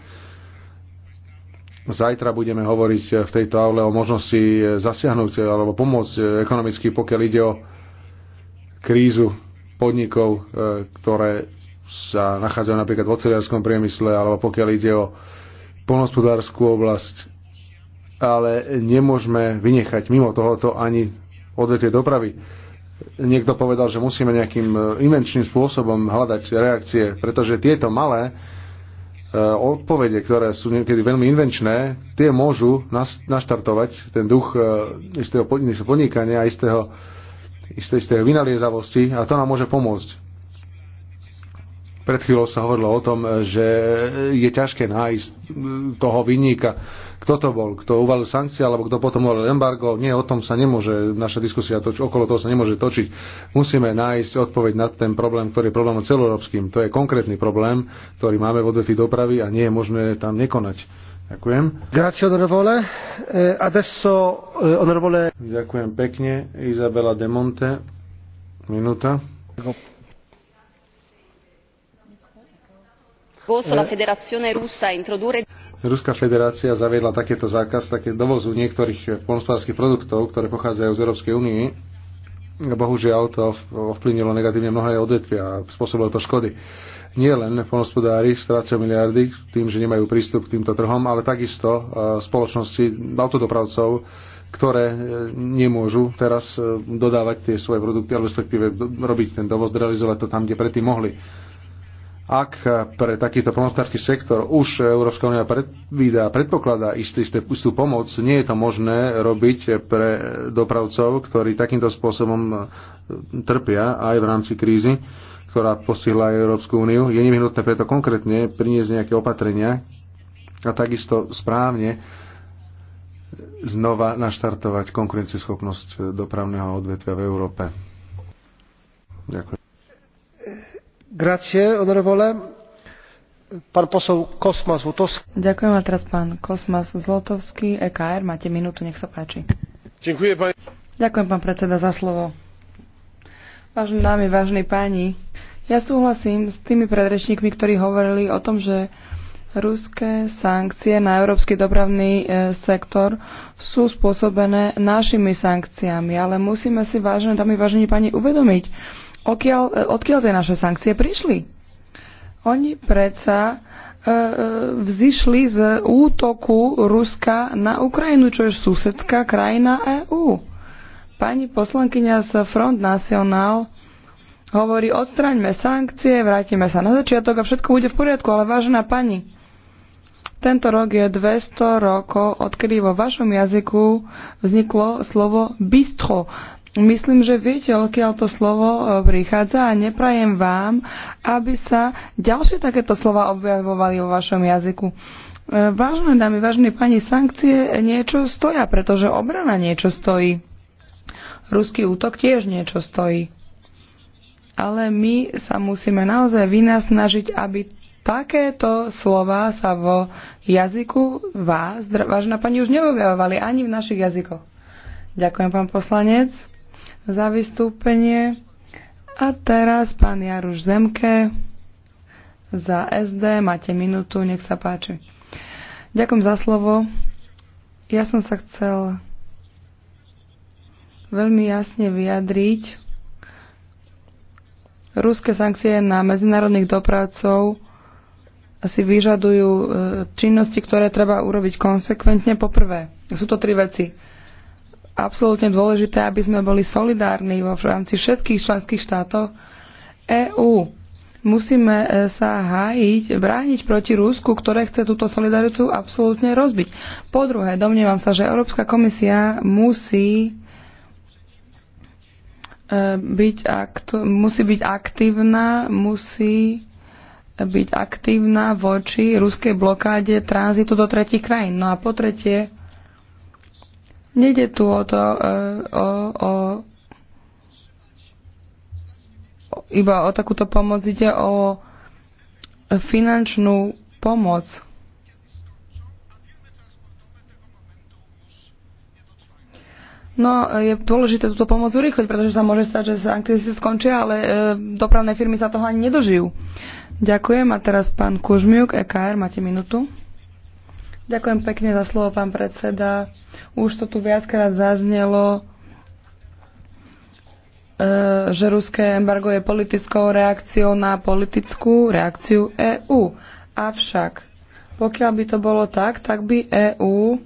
Zajtra budeme hovoriť v tejto aule o možnosti zasiahnuť alebo pomôcť ekonomicky, pokiaľ ide o krízu podnikov, e, ktoré sa nachádzajú napríklad v oceliarskom priemysle, alebo pokiaľ ide o polnospodárskú oblasť, ale nemôžeme vynechať mimo tohoto ani odvetie dopravy. Niekto povedal, že musíme nejakým e, invenčným spôsobom hľadať reakcie, pretože tieto malé e, odpovede, ktoré sú niekedy veľmi invenčné, tie môžu naštartovať ten duch e, istého podnikania, istého, istého, istého vynaliezavosti a to nám môže pomôcť. Pred chvíľou sa hovorilo o tom, že je ťažké nájsť toho vinníka kto to bol, kto uvalil sankcie alebo kto potom uvalil embargo. Nie, o tom sa nemôže, naša diskusia toč, okolo toho sa nemôže točiť. Musíme nájsť odpoveď na ten problém, ktorý je problémom celoeurópskym. To je konkrétny problém, ktorý máme v odvetí dopravy a nie je možné tam nekonať. Ďakujem. Grazie, onorevole. Eh, adesso, eh, onorevole... Ďakujem pekne. Izabela De Monte. Minúta. la eh. federazione russa introdurre Ruská federácia zaviedla takéto zákaz, také dovozu niektorých polnospodárských produktov, ktoré pochádzajú z Európskej únie. Bohužiaľ to ovplyvnilo negatívne mnohé odvetvia a spôsobilo to škody. Nie len polnospodári strácajú miliardy tým, že nemajú prístup k týmto trhom, ale takisto e, spoločnosti autodopravcov, ktoré e, nemôžu teraz e, dodávať tie svoje produkty, respektíve robiť ten dovoz, realizovať to tam, kde predtým mohli ak pre takýto polnospodársky sektor už Európska únia predvída, predpokladá istý, istú pomoc, nie je to možné robiť pre dopravcov, ktorí takýmto spôsobom e, trpia aj v rámci krízy, ktorá posíhla Európsku úniu. Je nevyhnutné preto konkrétne priniesť nejaké opatrenia a takisto správne znova naštartovať konkurencieschopnosť dopravného odvetvia v Európe. Ďakujem. Ďakujem teraz pán Kosmas Zlotovský, EKR. Máte minútu, nech sa páči. Ďakujem, pán, predseda, za slovo. ja súhlasím s tými predrečníkmi, ktorí hovorili o tom, že ruské sankcie na európsky dopravný e, sektor sú spôsobené našimi sankciami, ale musíme si, vážené dámy, vážení páni, uvedomiť, Okiaľ, e, odkiaľ tie naše sankcie prišli? Oni predsa e, e, vzýšli z útoku Ruska na Ukrajinu, čo je susedská krajina EÚ. Pani poslankyňa z Front National hovorí, odstraňme sankcie, vrátime sa na začiatok a všetko bude v poriadku, ale vážená pani, tento rok je 200 rokov, odkedy vo vašom jazyku vzniklo slovo bistro. Myslím, že viete, odkiaľ to slovo e, prichádza a neprajem vám, aby sa ďalšie takéto slova objavovali vo vašom jazyku. E, Vážené dámy, vážení pani, sankcie niečo stoja, pretože obrana niečo stojí. Ruský útok tiež niečo stojí. Ale my sa musíme naozaj vynasnažiť, aby takéto slova sa vo jazyku vás, vážená pani, už neobjavovali ani v našich jazykoch. Ďakujem, pán poslanec za vystúpenie. A teraz pán Jaruš Zemke za SD. Máte minútu, nech sa páči. Ďakujem za slovo. Ja som sa chcel veľmi jasne vyjadriť. Ruské sankcie na medzinárodných dopravcov si vyžadujú e, činnosti, ktoré treba urobiť konsekventne. Poprvé, sú to tri veci absolútne dôležité, aby sme boli solidárni vo rámci všetkých členských štátov EÚ. Musíme e, sa hájiť, brániť proti Rusku, ktoré chce túto solidaritu absolútne rozbiť. Po druhé, domnievam sa, že Európska komisia musí e, byť, akt, musí byť aktívna, musí byť aktívna voči ruskej blokáde tranzitu do tretich krajín. No a po tretie, Nejde tu o to, e, o, o, iba o takúto pomoc, ide o finančnú pomoc. No, je dôležité túto pomoc urýchliť, pretože sa môže stať, že sa aktivity skončia, ale e, dopravné firmy sa toho ani nedožijú. Ďakujem a teraz pán Kužmiuk, EKR, máte minútu. Ďakujem pekne za slovo, pán predseda. Už to tu viackrát zaznelo, e, že ruské embargo je politickou reakciou na politickú reakciu EÚ. Avšak, pokiaľ by to bolo tak, tak by EÚ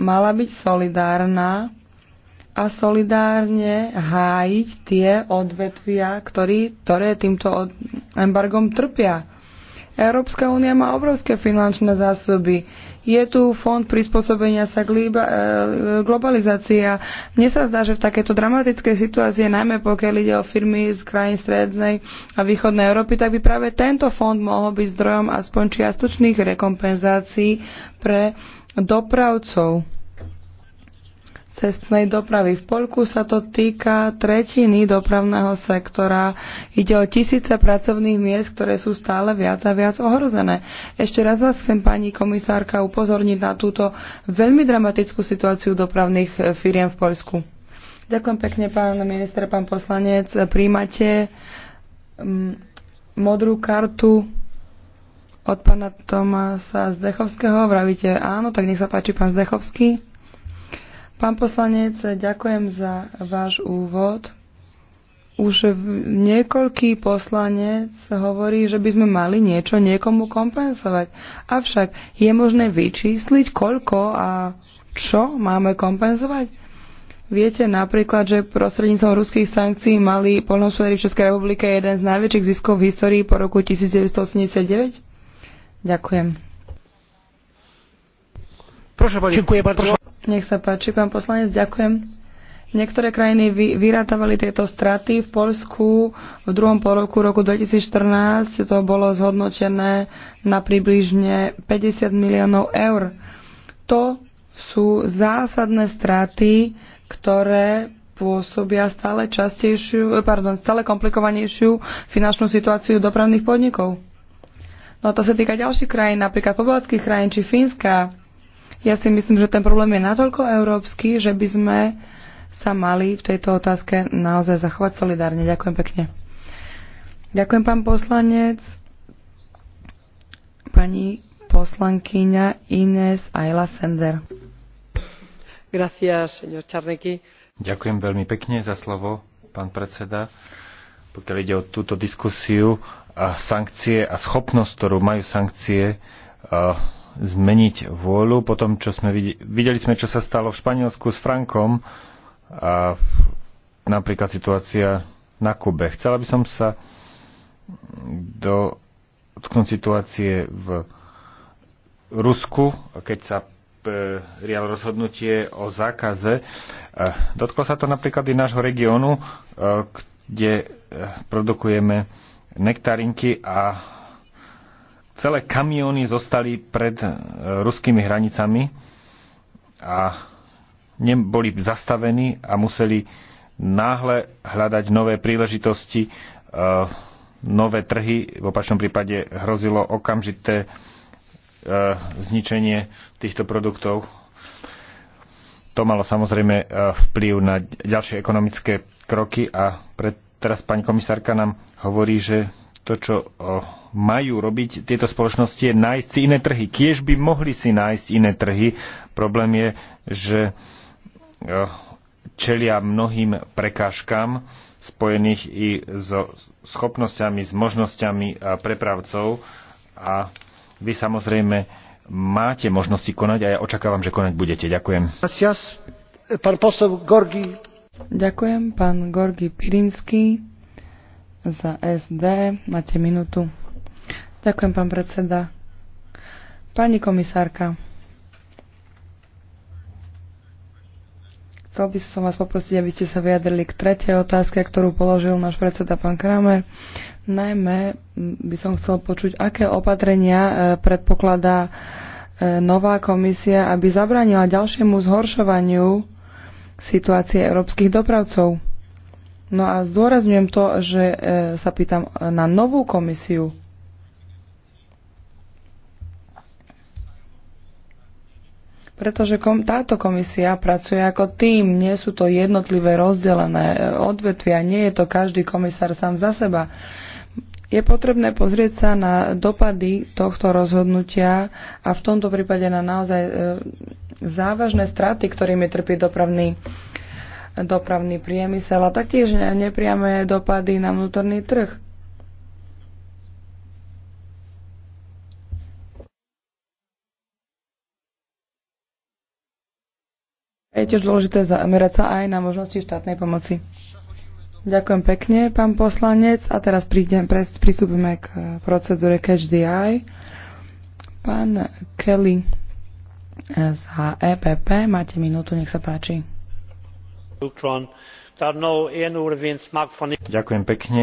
mala byť solidárna a solidárne hájiť tie odvetvia, ktorý, ktoré týmto embargom trpia Európska únia má obrovské finančné zásoby. Je tu fond prispôsobenia sa e, globalizácii a mne sa zdá, že v takéto dramatickej situácii, najmä pokiaľ ide o firmy z krajín strednej a východnej Európy, tak by práve tento fond mohol byť zdrojom aspoň čiastočných rekompenzácií pre dopravcov cestnej dopravy. V Polku sa to týka tretiny dopravného sektora. Ide o tisíce pracovných miest, ktoré sú stále viac a viac ohrozené. Ešte raz vás chcem, pani komisárka, upozorniť na túto veľmi dramatickú situáciu dopravných firiem v Polsku. Ďakujem pekne, pán minister, pán poslanec. Príjmate mm, modrú kartu od pána Tomasa Zdechovského. Vravíte áno, tak nech sa páči, pán Zdechovský. Pán poslanec, ďakujem za váš úvod. Už niekoľký poslanec hovorí, že by sme mali niečo niekomu kompenzovať. Avšak je možné vyčísliť, koľko a čo máme kompenzovať? Viete napríklad, že prostredníctvom ruských sankcií mali poľnohospodári v Českej republike jeden z najväčších ziskov v histórii po roku 1989? Ďakujem. Nech sa páči, pán poslanec, ďakujem. Niektoré krajiny vy, vyrátavali tieto straty. V Polsku v druhom poloku roku 2014 to bolo zhodnotené na približne 50 miliónov eur. To sú zásadné straty, ktoré pôsobia stále častejšiu, pardon, stále komplikovanejšiu finančnú situáciu dopravných podnikov. No a to sa týka ďalších krajín, napríklad pobaltských krajín či Fínska. Ja si myslím, že ten problém je natoľko európsky, že by sme sa mali v tejto otázke naozaj zachovať solidárne. Ďakujem pekne. Ďakujem, pán poslanec. Pani poslankyňa Ines Ayla Sender. Gracias, señor Čarneky. Ďakujem veľmi pekne za slovo, pán predseda. Pokiaľ ide o túto diskusiu, a sankcie a schopnosť, ktorú majú sankcie, eh, zmeniť vôľu. Potom, čo sme videli, videli sme, čo sa stalo v Španielsku s Frankom a napríklad situácia na Kube. Chcela by som sa dotknúť situácie v Rusku, keď sa prijal e, rozhodnutie o zákaze. E, dotklo sa to napríklad i nášho regiónu, e, kde produkujeme nektarinky a Celé kamióny zostali pred e, ruskými hranicami a boli zastavení a museli náhle hľadať nové príležitosti, e, nové trhy. V opačnom prípade hrozilo okamžité e, zničenie týchto produktov. To malo samozrejme vplyv na ďalšie ekonomické kroky a pred, teraz pani komisárka nám hovorí, že to, čo majú robiť tieto spoločnosti, je nájsť si iné trhy. Kiež by mohli si nájsť iné trhy. Problém je, že eh, čelia mnohým prekážkam spojených i so schopnosťami, s možnosťami eh, prepravcov a vy samozrejme máte možnosti konať a ja očakávam, že konať budete. Ďakujem. Pán posel Gorgi. Ďakujem, pán Gorgi Pirinsky za SD. Máte minútu. Ďakujem, pán predseda. Pani komisárka, chcel by som vás poprosiť, aby ste sa vyjadrili k tretej otázke, ktorú položil náš predseda pán Kramer. Najmä by som chcel počuť, aké opatrenia e, predpokladá e, nová komisia, aby zabránila ďalšiemu zhoršovaniu situácie európskych dopravcov. No a zdôrazňujem to, že e, sa pýtam na novú komisiu. Pretože kom, táto komisia pracuje ako tým, nie sú to jednotlivé rozdelené e, odvetvia, nie je to každý komisár sám za seba. Je potrebné pozrieť sa na dopady tohto rozhodnutia a v tomto prípade na naozaj e, závažné straty, ktorými trpí dopravný, dopravný priemysel a taktiež nepriame dopady na vnútorný trh. Je tiež dôležité zamerať sa aj na možnosti štátnej pomoci. Ďakujem pekne, pán poslanec. A teraz prídem, pristúpime k procedúre Catch the Eye. Pán Kelly eh, z HEPP, máte minútu, nech sa páči. Ďakujem pekne,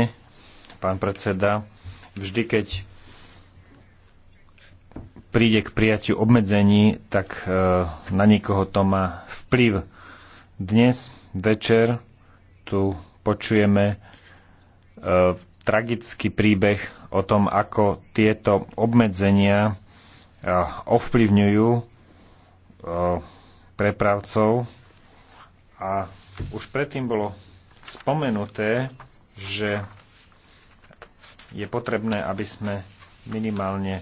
pán predseda. Vždy, keď príde k prijatiu obmedzení, tak e, na nikoho to má vplyv. Dnes večer tu počujeme e, tragický príbeh o tom, ako tieto obmedzenia e, ovplyvňujú prepravcov. A už predtým bolo spomenuté, že je potrebné, aby sme minimálne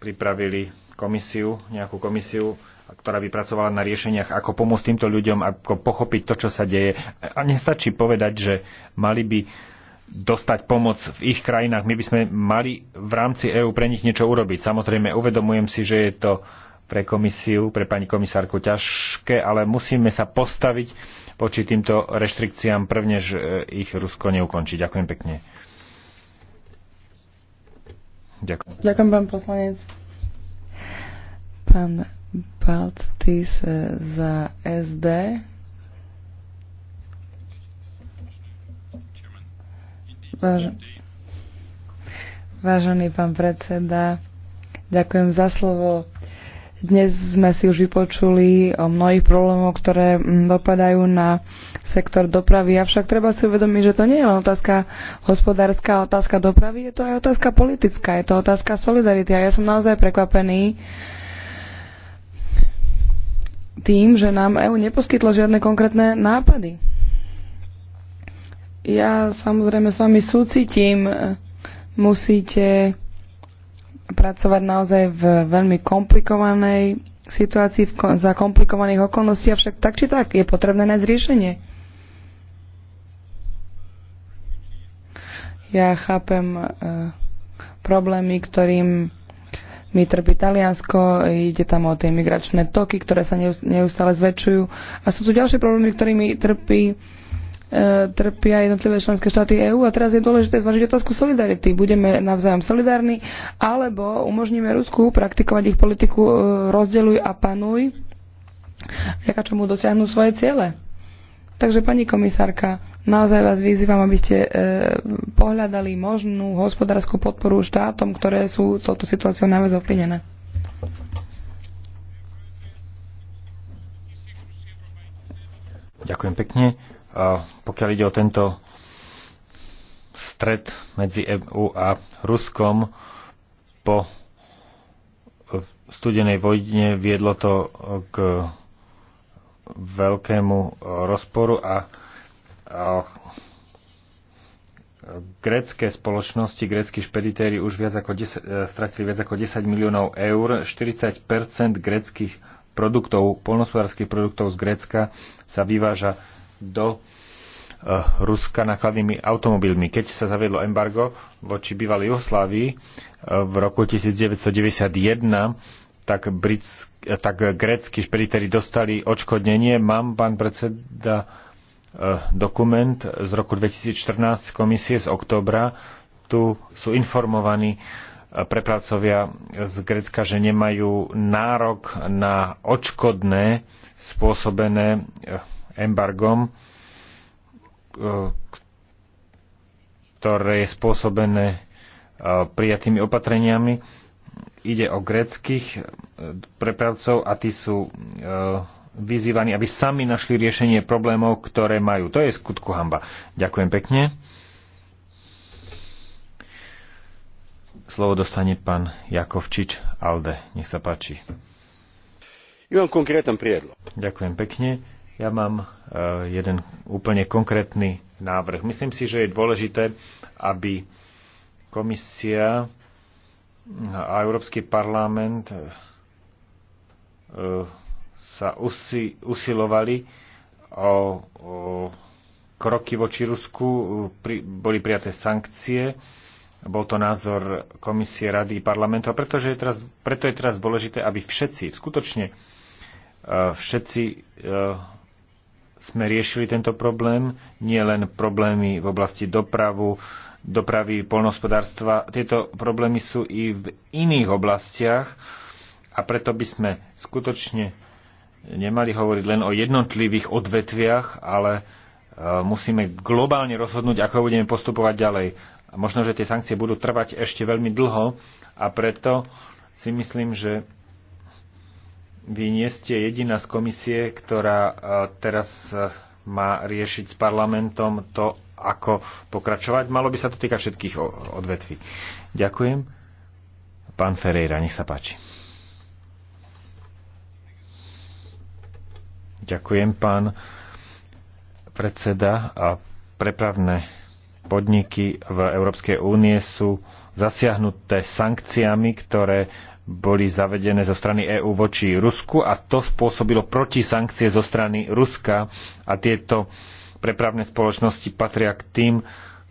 pripravili komisiu, nejakú komisiu, ktorá by pracovala na riešeniach, ako pomôcť týmto ľuďom, ako pochopiť to, čo sa deje. A nestačí povedať, že mali by dostať pomoc v ich krajinách. My by sme mali v rámci EÚ pre nich niečo urobiť. Samozrejme, uvedomujem si, že je to pre komisiu, pre pani komisárku ťažké, ale musíme sa postaviť voči týmto reštrikciám, prvnež e, ich Rusko neukončí. Ďakujem pekne. Ďakujem. Ďakujem, pán poslanec. Pán Baltis eh, za SD. Váž... Vážený pán predseda, ďakujem za slovo. Dnes sme si už vypočuli o mnohých problémoch, ktoré mm, dopadajú na sektor dopravy, avšak treba si uvedomiť, že to nie je len otázka hospodárska, otázka dopravy, je to aj otázka politická, je to otázka solidarity. A ja som naozaj prekvapený tým, že nám EU neposkytlo žiadne konkrétne nápady. Ja samozrejme s vami súcitím, musíte pracovať naozaj v veľmi komplikovanej situácii, v, za komplikovaných okolností, avšak tak či tak je potrebné nájsť riešenie. Ja chápem e, problémy, ktorým my trpí Taliansko, ide tam o tie migračné toky, ktoré sa neustále zväčšujú. A sú tu ďalšie problémy, ktorými trpí E, trpia jednotlivé členské štáty EÚ a teraz je dôležité zvažiť otázku solidarity. Budeme navzájom solidárni alebo umožníme Rusku praktikovať ich politiku e, rozdeľuj a panuj, vďaka čomu dosiahnu svoje ciele. Takže pani komisárka, naozaj vás vyzývam, aby ste e, pohľadali možnú hospodárskú podporu štátom, ktoré sú touto situáciou najviac ovplyvnené. Ďakujem pekne pokiaľ ide o tento stred medzi EU a Ruskom po e, studenej vojne viedlo to e, k veľkému e, rozporu a, grecké spoločnosti, greckí špeditéri už viac ako 10, stratili viac ako 10 miliónov eur. 40 greckých produktov, polnospodárských produktov z Grécka sa vyváža do eh, Ruska nákladnými automobilmi. Keď sa zaviedlo embargo voči bývalej Juhoslávii eh, v roku 1991, tak, britsk, eh, tak grécky špeditéri dostali odškodnenie. Mám, pán predseda, dokument z roku 2014 z komisie z oktobra. Tu sú informovaní prepracovia z Grecka, že nemajú nárok na odškodné spôsobené embargom, e, ktoré je spôsobené e, prijatými opatreniami. Ide o greckých e, prepravcov a tí sú vyzývaní, aby sami našli riešenie problémov, ktoré majú. To je skutku hamba. Ďakujem pekne. Slovo dostane pán Jakovčič Alde. Nech sa páči. prijedlog. Ďakujem pekne ja mám e, jeden úplne konkrétny návrh. Myslím si, že je dôležité, aby komisia a Európsky parlament e, sa usilovali o, kroky voči Rusku, boli prijaté sankcie, bol to názor komisie, rady i parlamentu a preto je, teraz, preto je teraz dôležité, aby všetci, skutočne e, všetci sme riešili tento problém, nie len problémy v oblasti dopravu, dopravy, polnohospodárstva. Tieto problémy sú i v iných oblastiach a preto by sme skutočne nemali hovoriť len o jednotlivých odvetviach, ale e, musíme globálne rozhodnúť, ako budeme postupovať ďalej. možno, že tie sankcie budú trvať ešte veľmi dlho a preto si myslím, že vy nie ste jediná z komisie, ktorá e, teraz e, má riešiť s parlamentom to, ako pokračovať. Malo by sa to týkať všetkých odvetví. Ďakujem. Pán Ferreira, nech sa páči. Ďakujem, pán predseda. A prepravné podniky v Európskej únie sú zasiahnuté sankciami, ktoré boli zavedené zo strany EÚ voči Rusku a to spôsobilo protisankcie zo strany Ruska a tieto prepravné spoločnosti patria k tým,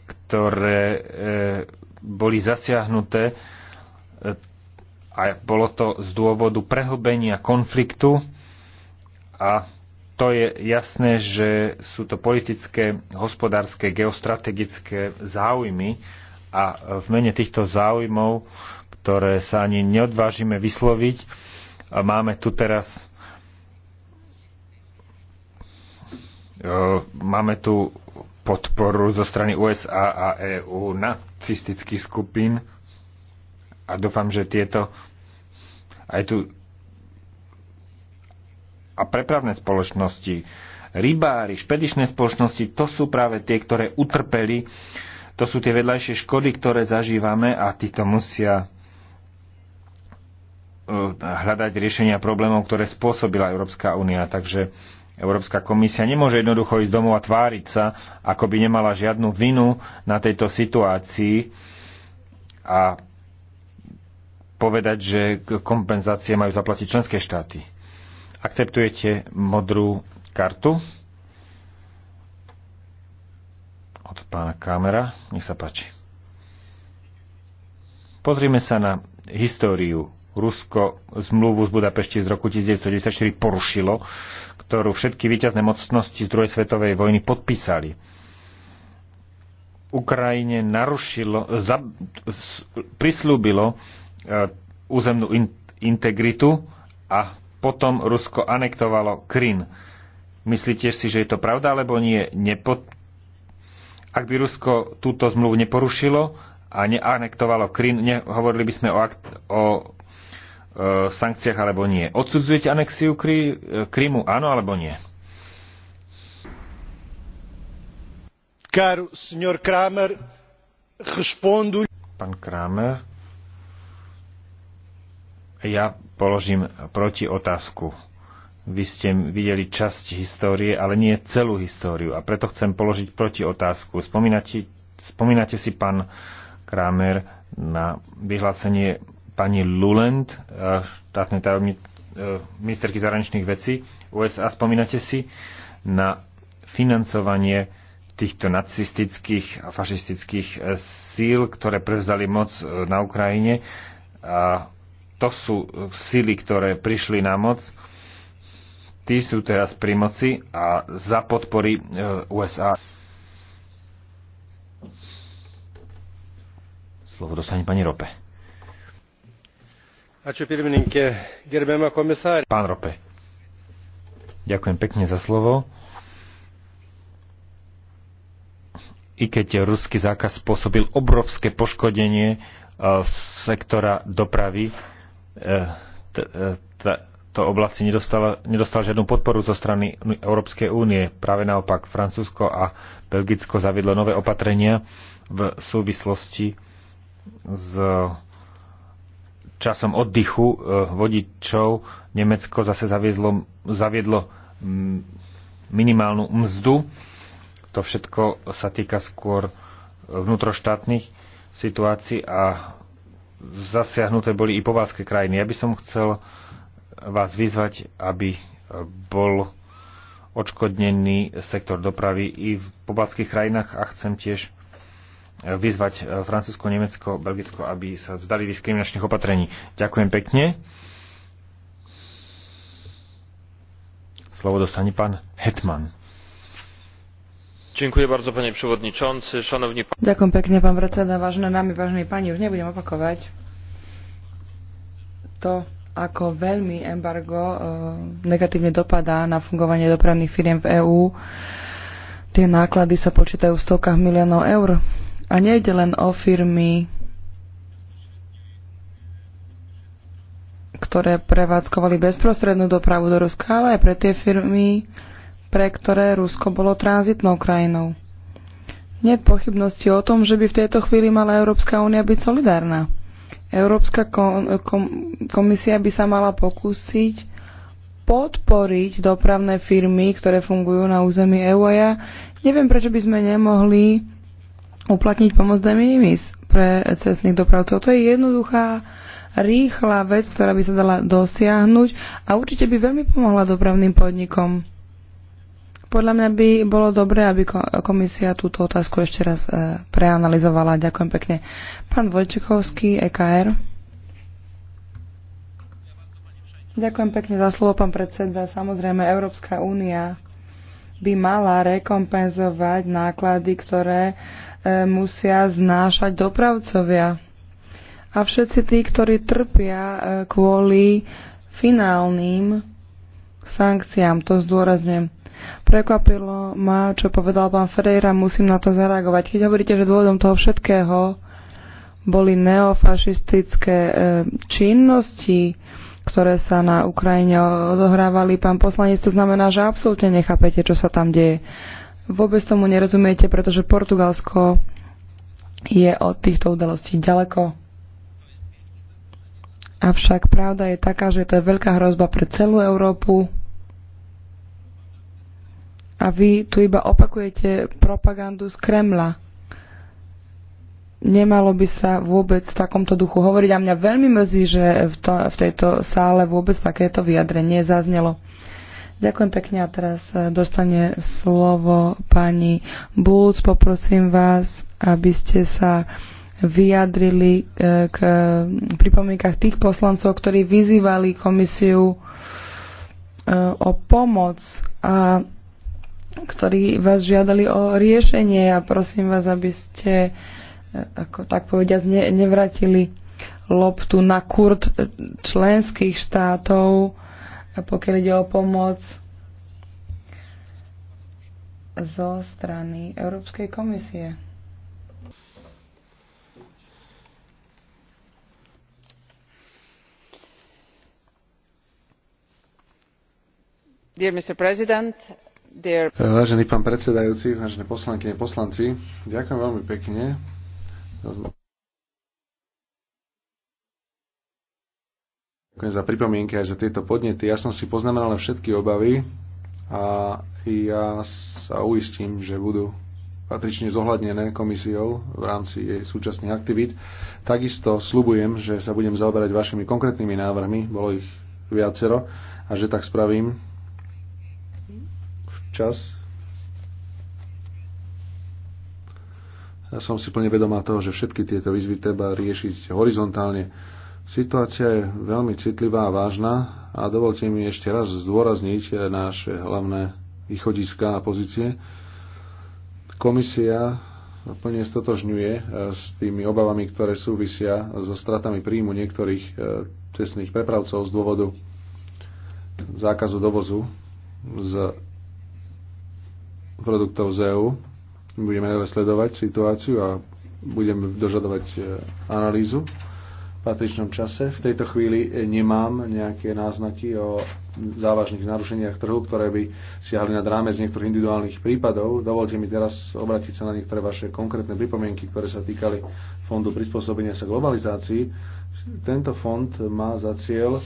ktoré e, boli zasiahnuté e, a bolo to z dôvodu prehlbenia konfliktu a to je jasné, že sú to politické, hospodárske, geostrategické záujmy a v mene týchto záujmov ktoré sa ani neodvážime vysloviť. A máme tu teraz e, máme tu podporu zo strany USA a EU nacistických skupín a dúfam, že tieto aj tu a prepravné spoločnosti, rybári, špedičné spoločnosti, to sú práve tie, ktoré utrpeli, to sú tie vedľajšie škody, ktoré zažívame a títo musia E, hľadať riešenia problémov, ktoré spôsobila Európska únia. Takže Európska komisia nemôže jednoducho ísť domov a tváriť sa, ako by nemala žiadnu vinu na tejto situácii a povedať, že kompenzácie majú zaplatiť členské štáty. Akceptujete modrú kartu od pána Kamera? Nech sa páči. Pozrime sa na históriu Rusko zmluvu z Budapešti z roku 1994 porušilo, ktorú všetky víťazné mocnosti z druhej svetovej vojny podpísali. Ukrajine narušilo, za, prislúbilo e, územnú in, integritu a potom Rusko anektovalo Krym. Myslíte si, že je to pravda, alebo nie? Nepod... Ak by Rusko túto zmluvu neporušilo a neanektovalo Krym, nehovorili by sme o, akt, o E, sankciách alebo nie. Odsudzujete anexiu Kry, e, Krymu, áno alebo nie? Caro signor Kramer, respondo... Pán Kramer, ja položím proti otázku. Vy ste videli časť histórie, ale nie celú históriu. A preto chcem položiť proti otázku. Spomínate, spomínate si, pán Kramer, na vyhlásenie pani Luland, eh, štátnej tajomni, eh, ministerky zahraničných vecí USA, spomínate si na financovanie týchto nacistických a fašistických eh, síl, ktoré prevzali moc na Ukrajine. A to sú síly, ktoré prišli na moc. Tí sú teraz pri moci a za podpory USA. Slovo dostane pani Rope. Pán Rope. Ďakujem pekne za slovo. I keď ruský zákaz spôsobil obrovské poškodenie e, sektora dopravy, e, táto e, oblasti si nedostala žiadnu podporu zo strany Európskej únie. Práve naopak, Francúzsko a Belgicko zaviedlo nové opatrenia v súvislosti s časom oddychu eh, vodičov Nemecko zase zaviedlo, zaviedlo mm, minimálnu mzdu. To všetko sa týka skôr eh, vnútroštátnych situácií a zasiahnuté boli i povalské krajiny. Ja by som chcel vás vyzvať, aby eh, bol odškodnený sektor dopravy i v pobalských krajinách a chcem tiež vyzvať e, Francúzsko, Nemecko, Belgicko, aby sa vzdali diskriminačných opatrení. Ďakujem pekne. Slovo dostane pán Hetman. Ďakujem bardzo, panie przewodniczący, szanowni panie... Ďakujem pekne, pán predseda, vážené nami, vážení páni, už nebudem opakovať to, ako veľmi embargo e, negatívne dopadá na fungovanie dopravných firiem v EÚ. Tie náklady sa počítajú v stovkách miliónov eur. A nejde len o firmy, ktoré prevádzkovali bezprostrednú dopravu do Ruska, ale aj pre tie firmy, pre ktoré Rusko bolo tranzitnou krajinou. Nie pochybnosti o tom, že by v tejto chvíli mala Európska únia byť solidárna. Európska komisia by sa mala pokúsiť podporiť dopravné firmy, ktoré fungujú na území EU a ja neviem, prečo by sme nemohli uplatniť pomoc de minimis pre cestných dopravcov. To je jednoduchá, rýchla vec, ktorá by sa dala dosiahnuť a určite by veľmi pomohla dopravným podnikom. Podľa mňa by bolo dobré, aby komisia túto otázku ešte raz e, preanalizovala. Ďakujem pekne. Pán Vojčekovský, EKR. Ďakujem pekne za slovo, pán predseda. Samozrejme, Európska únia by mala rekompenzovať náklady, ktoré E, musia znášať dopravcovia. A všetci tí, ktorí trpia e, kvôli finálnym sankciám, to zdôrazňujem. Prekvapilo ma, čo povedal pán Ferreira, musím na to zareagovať. Keď hovoríte, že dôvodom toho všetkého boli neofašistické e, činnosti, ktoré sa na Ukrajine odohrávali, pán poslanec, to znamená, že absolútne nechápete, čo sa tam deje. Vôbec tomu nerozumiete, pretože Portugalsko je od týchto udalostí ďaleko. Avšak pravda je taká, že to je veľká hrozba pre celú Európu. A vy tu iba opakujete propagandu z Kremla. Nemalo by sa vôbec v takomto duchu hovoriť. A mňa veľmi mrzí, že v, to, v tejto sále vôbec takéto vyjadrenie zaznelo. Ďakujem pekne a teraz e, dostane slovo pani Bulc. Poprosím vás, aby ste sa vyjadrili e, k pripomienkach tých poslancov, ktorí vyzývali komisiu e, o pomoc a ktorí vás žiadali o riešenie a prosím vás, aby ste ako tak povediať, ne, nevratili loptu na kurt členských štátov, a pokiaľ ide o pomoc zo strany Európskej komisie. Dear Mr. President, dear... Vážený pán predsedajúci, vážené poslanky a poslanci, ďakujem veľmi pekne za pripomienky aj za tieto podnety. Ja som si poznamenal všetky obavy a ja sa uistím, že budú patrične zohľadnené komisiou v rámci jej súčasných aktivít. Takisto slubujem, že sa budem zaoberať vašimi konkrétnymi návrhmi, bolo ich viacero, a že tak spravím včas. Ja som si plne vedomá toho, že všetky tieto výzvy treba riešiť horizontálne Situácia je veľmi citlivá a vážna a dovolte mi ešte raz zdôrazniť naše hlavné východiska a pozície. Komisia plne stotožňuje eh, s tými obavami, ktoré súvisia so stratami príjmu niektorých eh, cestných prepravcov z dôvodu zákazu dovozu z produktov z EU. Budeme sledovať situáciu a budeme dožadovať eh, analýzu patričnom čase. V tejto chvíli eh, nemám nejaké náznaky o závažných narušeniach trhu, ktoré by siahli nad z niektorých individuálnych prípadov. Dovolte mi teraz obrátiť sa na niektoré vaše konkrétne pripomienky, ktoré sa týkali Fondu prispôsobenia sa globalizácii. Tento fond má za cieľ eh,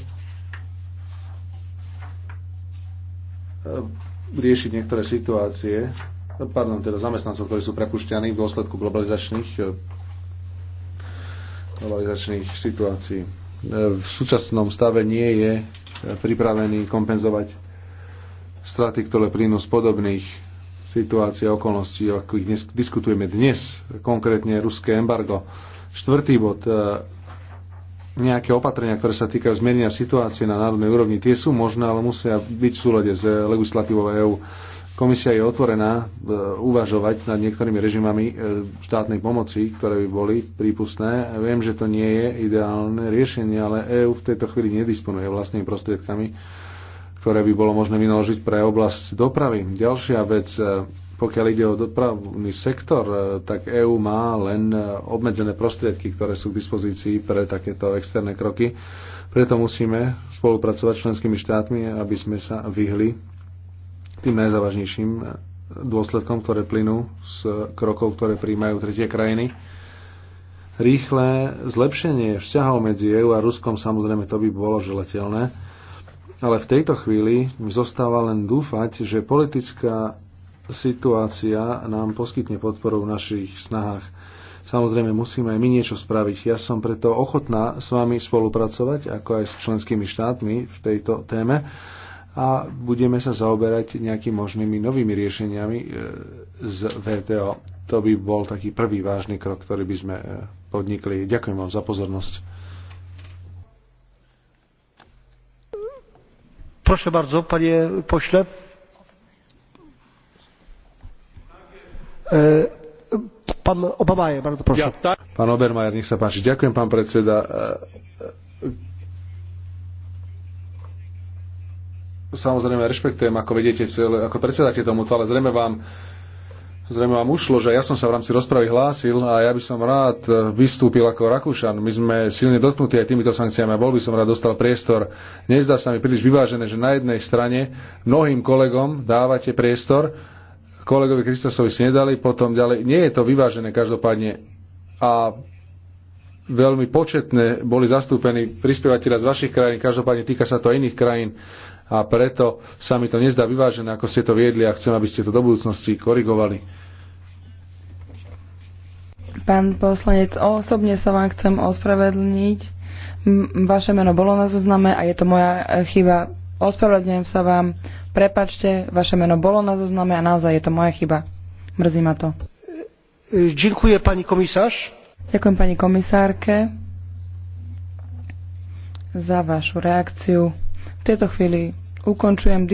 riešiť niektoré situácie, pardon, teda zamestnancov, ktorí sú prepušťaní v dôsledku globalizačných eh, globalizačných situácií. E, v súčasnom stave nie je e, pripravený kompenzovať straty, ktoré plynú z podobných situácií a okolností, o akých dnes, diskutujeme dnes, konkrétne ruské embargo. Štvrtý bod, e, nejaké opatrenia, ktoré sa týkajú zmenia situácie na národnej úrovni, tie sú možné, ale musia byť v súlade s legislatívou EÚ. Komisia je otvorená e, uvažovať nad niektorými režimami e, štátnej pomoci, ktoré by boli prípustné. Viem, že to nie je ideálne riešenie, ale EÚ v tejto chvíli nedisponuje vlastnými prostriedkami, ktoré by bolo možné vynaložiť pre oblasť dopravy. Ďalšia vec, e, pokiaľ ide o dopravný sektor, tak EÚ má len obmedzené prostriedky, ktoré sú k dispozícii pre takéto externé kroky. Preto musíme spolupracovať s členskými štátmi, aby sme sa vyhli tým najzávažnejším dôsledkom, ktoré plynú z krokov, ktoré príjmajú tretie krajiny. Rýchle zlepšenie vzťahov medzi EU a Ruskom samozrejme to by bolo želateľné, ale v tejto chvíli mi zostáva len dúfať, že politická situácia nám poskytne podporu v našich snahách. Samozrejme, musíme aj my niečo spraviť. Ja som preto ochotná s vami spolupracovať, ako aj s členskými štátmi v tejto téme a budeme sa zaoberať nejakými možnými novými riešeniami e, z VTO. To by bol taký prvý vážny krok, ktorý by sme e, podnikli. Ďakujem vám za pozornosť. Proszę bardzo, panie pośle. E, pan Obermajer, bardzo proszę. Pan Obermajer, niech się pan Dziękuję, pan predseda samozrejme rešpektujem, ako vedete, ako predsedáte tomuto, ale zrejme vám zrejme vám ušlo, že ja som sa v rámci rozpravy hlásil a ja by som rád vystúpil ako Rakúšan. My sme silne dotknutí aj týmito sankciami a bol by som rád dostal priestor. Nezdá sa mi príliš vyvážené, že na jednej strane mnohým kolegom dávate priestor, kolegovi Kristosovi si nedali, potom ďalej. Nie je to vyvážené každopádne a veľmi početné boli zastúpení prispievateľa z vašich krajín, každopádne týka sa to aj iných krajín a preto sa mi to nezdá vyvážené, ako ste to viedli a chcem, aby ste to do budúcnosti korigovali. Pán poslanec, osobne sa vám chcem ospravedlniť. Vaše meno bolo na zozname a je to moja e, chyba. Ospravedlňujem sa vám. Prepačte, vaše meno bolo na zozname a naozaj je to moja chyba. Mrzí ma to. Ďakujem e, pani komisár. Ďakujem pani komisárke za vašu reakciu. V tejto chvíli ukončujem diskusiu.